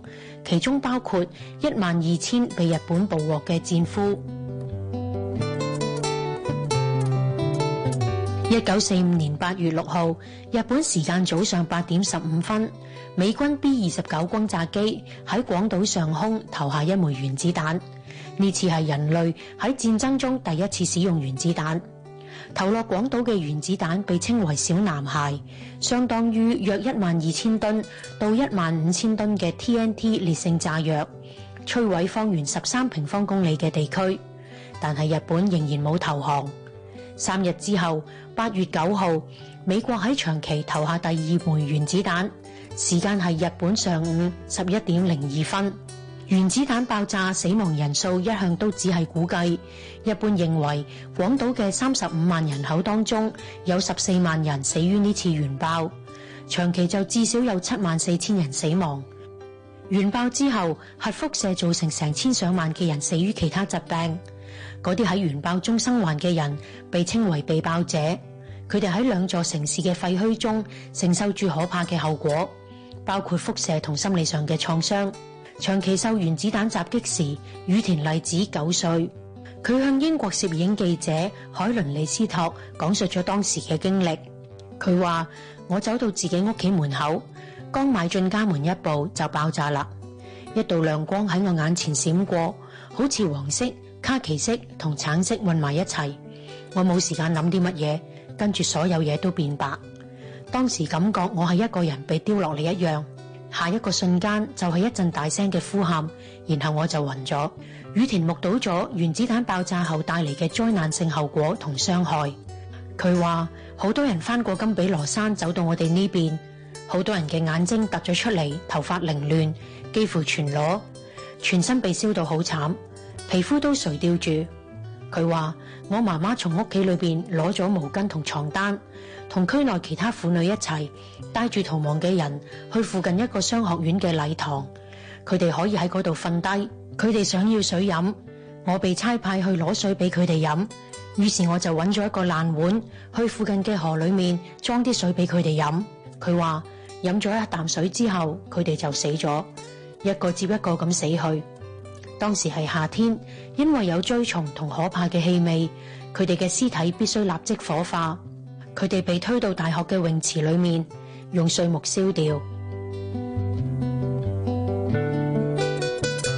S5: 其中包括一萬二千被日本捕獲嘅戰俘。一九四五年八月六號，日本時間早上八點十五分，美軍 B 二十九轟炸機喺廣島上空投下一枚原子彈，呢次係人類喺戰爭中第一次使用原子彈。投落廣島嘅原子彈被稱為小男孩，相當於約一萬二千噸到一萬五千噸嘅 TNT 烈性炸藥，摧毀方圓十三平方公里嘅地區。但係日本仍然冇投降。三日之後，八月九號，美國喺長崎投下第二枚原子彈，時間係日本上午十一點零二分。原子彈爆炸死亡人數一向都只係估計，一般認為廣島嘅三十五萬人口當中有十四萬人死於呢次原爆，長崎就至少有七萬四千人死亡。原爆之後，核輻射造成成千上萬嘅人死於其他疾病。嗰啲喺原爆中生還嘅人被稱為被爆者，佢哋喺兩座城市嘅廢墟中承受住可怕嘅後果，包括輻射同心理上嘅創傷。長崎受原子彈襲擊時，羽田麗子九歲。佢向英國攝影記者海倫利斯托講述咗當時嘅經歷。佢話：我走到自己屋企門口，剛邁進家門一步就爆炸啦！一道亮光喺我眼前閃過，好似黃色、卡其色同橙色混埋一齊。我冇時間諗啲乜嘢，跟住所有嘢都變白。當時感覺我係一個人被丟落嚟一樣。下一個瞬間就係、是、一陣大聲嘅呼喊，然後我就暈咗。雨田目睹咗原子彈爆炸後帶嚟嘅災難性後果同傷害。佢話好多人翻過金比羅山走到我哋呢邊，好多人嘅眼睛突咗出嚟，頭髮凌亂，幾乎全裸，全身被燒到好慘，皮膚都垂吊住。佢話我媽媽從屋企裏邊攞咗毛巾同床單，同區內其他婦女一齊。帶住逃亡嘅人去附近一個商學院嘅禮堂，佢哋可以喺嗰度瞓低。佢哋想要水飲，我被差派去攞水俾佢哋飲。於是我就揾咗一個爛碗，去附近嘅河裏面裝啲水俾佢哋飲。佢話飲咗一啖水之後，佢哋就死咗，一個接一個咁死去。當時係夏天，因為有蛆蟲同可怕嘅氣味，佢哋嘅屍體必須立即火化。佢哋被推到大學嘅泳池裏面。用碎木燒掉。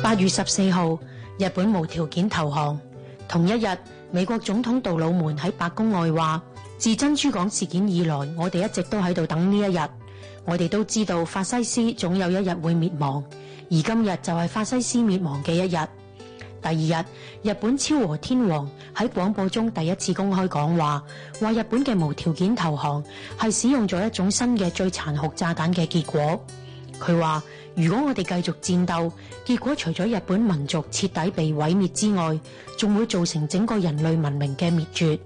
S5: 八月十四號，日本無條件投降。同一日，美國總統杜魯門喺白宮外話：自珍珠港事件以來，我哋一直都喺度等呢一日。我哋都知道法西斯總有一日會滅亡，而今日就係法西斯滅亡嘅一日。第二日，日本昭和天皇喺廣播中第一次公開講話，話日本嘅無條件投降係使用咗一種新嘅最殘酷炸彈嘅結果。佢話如果我哋繼續戰鬥，結果除咗日本民族徹底被毀滅之外，仲會造成整個人類文明嘅滅絕。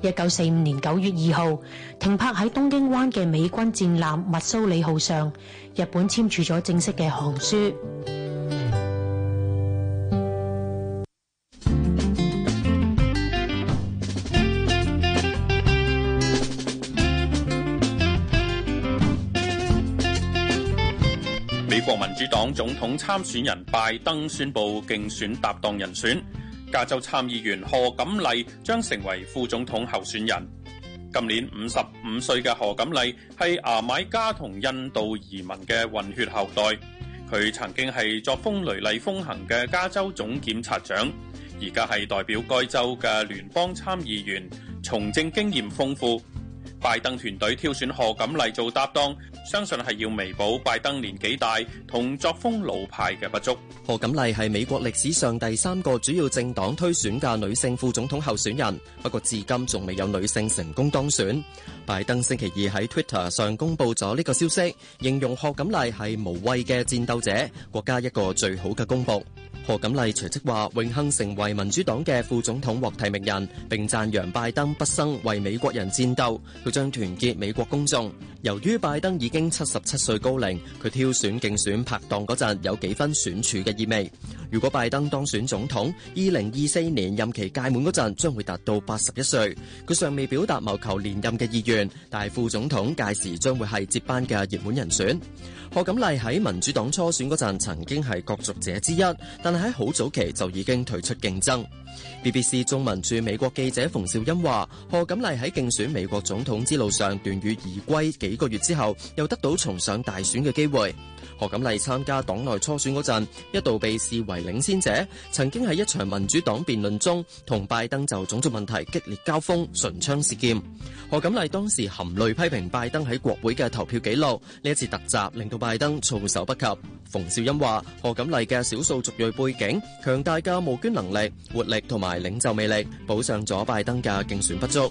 S5: 一九四五年九月二號，停泊喺東京灣嘅美軍戰艦密蘇里號上，日本簽署咗正式嘅降書。
S1: 主黨總統參選人拜登宣布競選搭檔人選，加州參議員賀錦麗將成為副總統候選人。今年五十五歲嘅賀錦麗係牙買加同印度移民嘅混血後代，佢曾經係作風雷厲風行嘅加州總檢察長，而家係代表該州嘅聯邦參議員，從政經驗豐富。拜登團隊挑選賀錦麗做搭檔，相信係要彌補拜登年紀大同作風老派嘅不足。
S7: 賀錦麗係美國歷史上第三個主要政黨推選嘅女性副總統候選人，不過至今仲未有女性成功當選。拜登星期二喺 Twitter 上公布咗呢個消息，形容賀錦麗係無畏嘅戰鬥者，國家一個最好嘅公僕。賀錦麗隨即話：榮幸成為民主黨嘅副總統獲提名人，並讚揚拜登不生為美國人戰鬥。將團結美國公眾。由於拜登已經七十七歲高齡，佢挑選競選拍檔嗰陣有幾分選儲嘅意味。如果拜登當選總統，二零二四年任期屆滿嗰陣將會達到八十一歲。佢尚未表達謀求連任嘅意願，但係副總統屆時將會係接班嘅熱門人選。賀錦麗喺民主黨初選嗰陣曾經係角逐者之一，但係喺好早期就已經退出競爭。BBC 中文駐美國記者馮兆音話：賀錦麗喺競選美國總統之路上斷羽而歸，幾個月之後又得到重上大選嘅機會。賀錦麗參加黨內初選嗰陣，一度被視為領先者，曾經喺一場民主黨辯論中同拜登就種族問題激烈交鋒，唇槍舌劍。賀錦麗當時含淚批評拜登喺國會嘅投票記錄，呢一次突襲令到拜登措手不及。馮兆恩話：賀錦麗嘅少數族裔背景、強大嘅募捐能力、活力同埋領袖魅力，補上咗拜登嘅競選不足。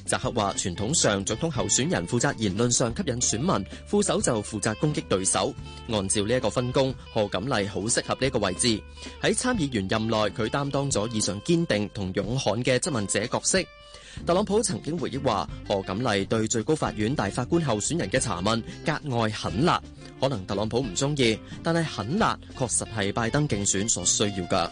S7: 扎克話：傳統上總統候選人負責言論上吸引選民，副手就負責攻擊對手。按照呢一個分工，賀錦麗好適合呢個位置。喺參議員任內，佢擔當咗異常堅定同勇悍嘅質問者角色。特朗普曾經回憶話：賀錦麗對最高法院大法官候選人嘅查問格外狠辣。可能特朗普唔中意，但係狠辣確實係拜登競選所需要㗎。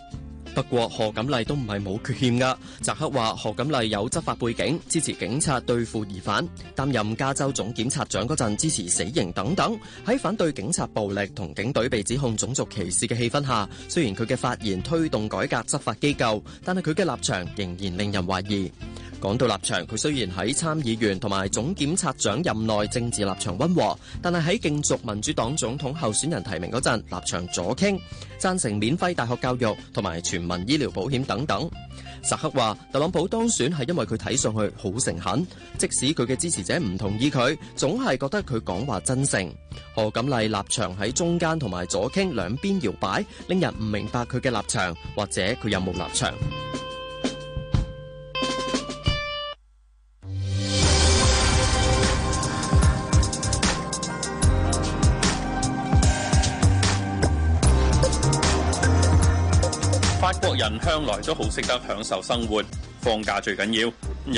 S7: 不過，賀錦麗都唔係冇缺陷㗎。澤克話：賀錦麗有執法背景，支持警察對付疑犯；擔任加州總檢察長嗰陣，支持死刑等等。喺反對警察暴力同警隊被指控種族歧視嘅氣氛下，雖然佢嘅發言推動改革執法機構，但係佢嘅立場仍然令人懷疑。講到立場，佢雖然喺參議員同埋總檢察長任內政治立場溫和，但係喺競逐民主黨總統候選人提名嗰陣，立場左傾。贊成免費大學教育同埋全民醫療保險等等。薩克話：特朗普當選係因為佢睇上去好誠懇，即使佢嘅支持者唔同意佢，總係覺得佢講話真誠。賀錦麗立場喺中間同埋左傾兩邊搖擺，令人唔明白佢嘅立場，或者佢有冇立場。
S1: 法國人向來都好識得享受生活，放假最緊要，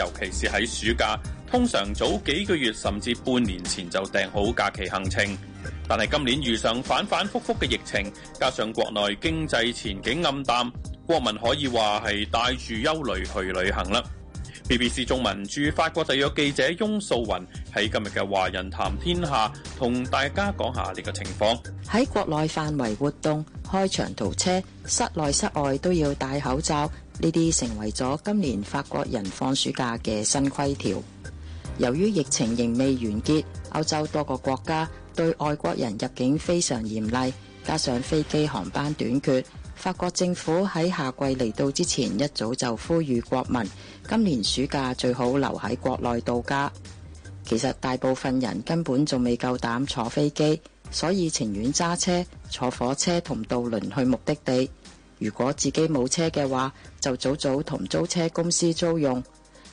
S1: 尤其是喺暑假，通常早幾個月甚至半年前就訂好假期行程。但係今年遇上反反复复嘅疫情，加上國內經濟前景暗淡，國民可以話係帶住憂慮去旅行啦。BBC 中文駐法國特約記者翁素雲喺今日嘅《華人談天下》同大家講下呢個情況。
S9: 喺國內範圍活動、開長途車、室內室外都要戴口罩，呢啲成為咗今年法國人放暑假嘅新規條。由於疫情仍未完結，歐洲多個國家對外國人入境非常嚴厲，加上飛機航班短缺，法國政府喺夏季嚟到之前一早就呼籲國民，今年暑假最好留喺國內度假。其實大部分人根本仲未夠膽坐飛機，所以情願揸車、坐火車同渡輪去目的地。如果自己冇車嘅話，就早早同租車公司租用。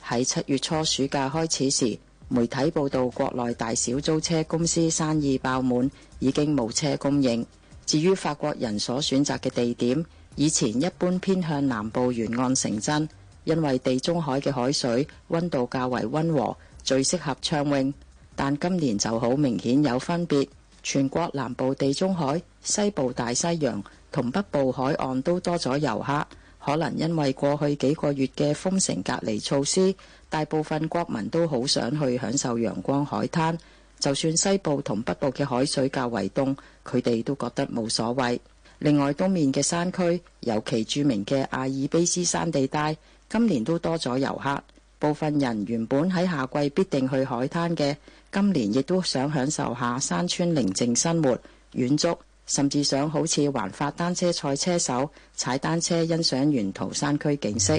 S9: 喺七月初暑假開始時，媒體報道國內大小租車公司生意爆滿，已經冇車供應。至於法國人所選擇嘅地點，以前一般偏向南部沿岸城鎮，因為地中海嘅海水溫度較為溫和，最適合暢泳。但今年就好明顯有分別，全國南部地中海、西部大西洋同北部海岸都多咗遊客，可能因為過去幾個月嘅封城隔離措施，大部分國民都好想去享受陽光海灘。就算西部同北部嘅海水較為凍，佢哋都覺得冇所謂。另外，東面嘅山區尤其著名嘅阿爾卑斯山地帶今年都多咗遊客。部分人原本喺夏季必定去海灘嘅，今年亦都想享受下山村寧靜生活，遠足，甚至想好似環法單車賽車手踩單車欣賞沿途山區景色。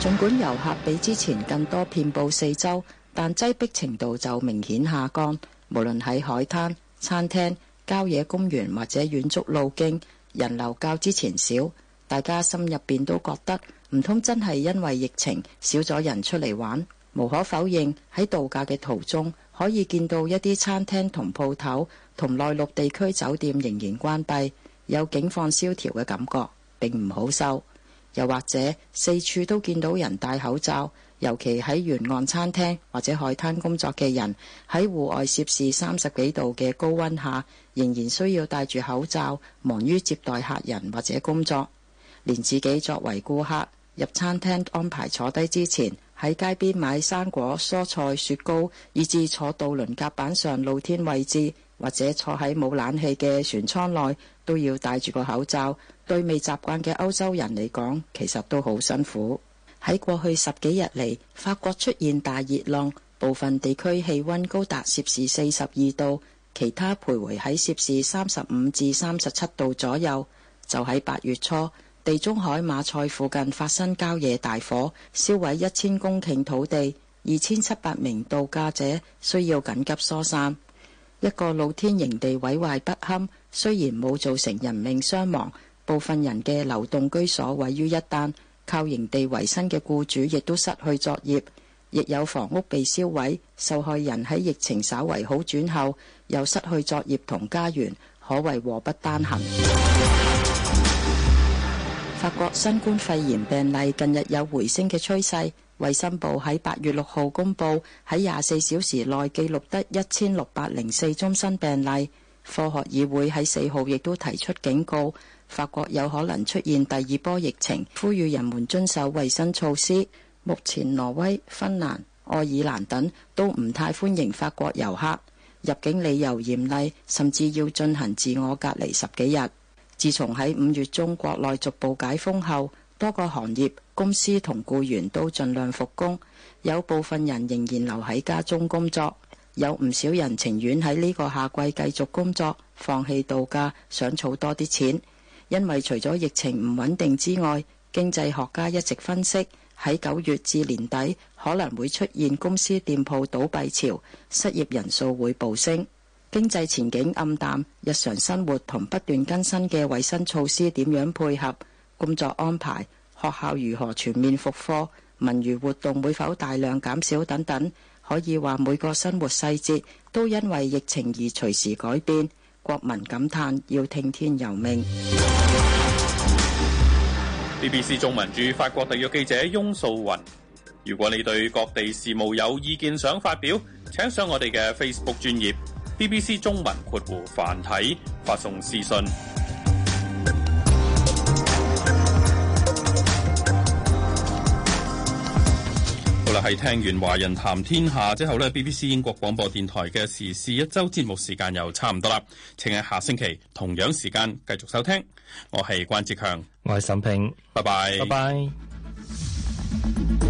S9: 儘 管遊客比之前更多，遍布四周。但擠迫程度就明顯下降，無論喺海灘、餐廳、郊野公園或者遠足路徑，人流較之前少。大家心入面都覺得，唔通真係因為疫情少咗人出嚟玩。無可否認，喺度假嘅途中可以見到一啲餐廳同鋪頭同內陸地區酒店仍然關閉，有景況蕭條嘅感覺，並唔好受。又或者四處都見到人戴口罩，尤其喺沿岸餐廳或者海灘工作嘅人，喺戶外攝氏三十幾度嘅高溫下，仍然需要戴住口罩，忙於接待客人或者工作。連自己作為顧客入餐廳安排坐低之前，喺街邊買生果、蔬菜、雪糕，以至坐渡輪甲板上露天位置，或者坐喺冇冷氣嘅船艙內，都要戴住個口罩。對未習慣嘅歐洲人嚟講，其實都好辛苦。喺過去十幾日嚟，法國出現大熱浪，部分地區氣溫高達攝氏四十二度，其他徘徊喺攝氏三十五至三十七度左右。就喺八月初，地中海馬賽附近發生郊野大火，燒毀一千公頃土地，二千七百名度假者需要緊急疏散。一個露天營地毀壞不堪，雖然冇造成人命傷亡。部分人嘅流動居所毀於一旦，靠營地為生嘅僱主亦都失去作業，亦有房屋被燒毀。受害人喺疫情稍為好轉後又失去作業同家園，可謂禍不單行。法國新冠肺炎病例近日有回升嘅趨勢，衛生部喺八月六號公佈喺廿四小時內記錄得一千六百零四宗新病例。科學議會喺四號亦都提出警告。法國有可能出現第二波疫情，呼籲人們遵守衞生措施。目前，挪威、芬蘭、愛爾蘭等都唔太歡迎法國遊客入境，理由嚴厲，甚至要進行自我隔離十幾日。自從喺五月中，國內逐步解封後，多個行業公司同僱員都盡量復工，有部分人仍然留喺家中工作，有唔少人情願喺呢個夏季繼續工作，放棄度假，想儲多啲錢。因為除咗疫情唔穩定之外，經濟學家一直分析喺九月至年底可能會出現公司店鋪倒閉潮，失業人數會暴升，經濟前景暗淡。日常生活同不斷更新嘅衛生措施點樣配合，工作安排、學校如何全面復課、文娛活動會否大量減少等等，可以話每個生活細節都因為疫情而隨時改變。國民感嘆要聽天由命。
S1: BBC 中文駐法國特約記者翁素雲，如果你對各地事務有意見想發表，請上我哋嘅 Facebook 專頁，BBC 中文括弧繁體，發送私信。我哋係聽完華人談天下之後呢，BBC 英國廣播電台嘅時事一周節目時間又差唔多啦，請喺下星期同樣時間繼續收聽。我係關智強，我係沈平，拜拜 bye，拜拜。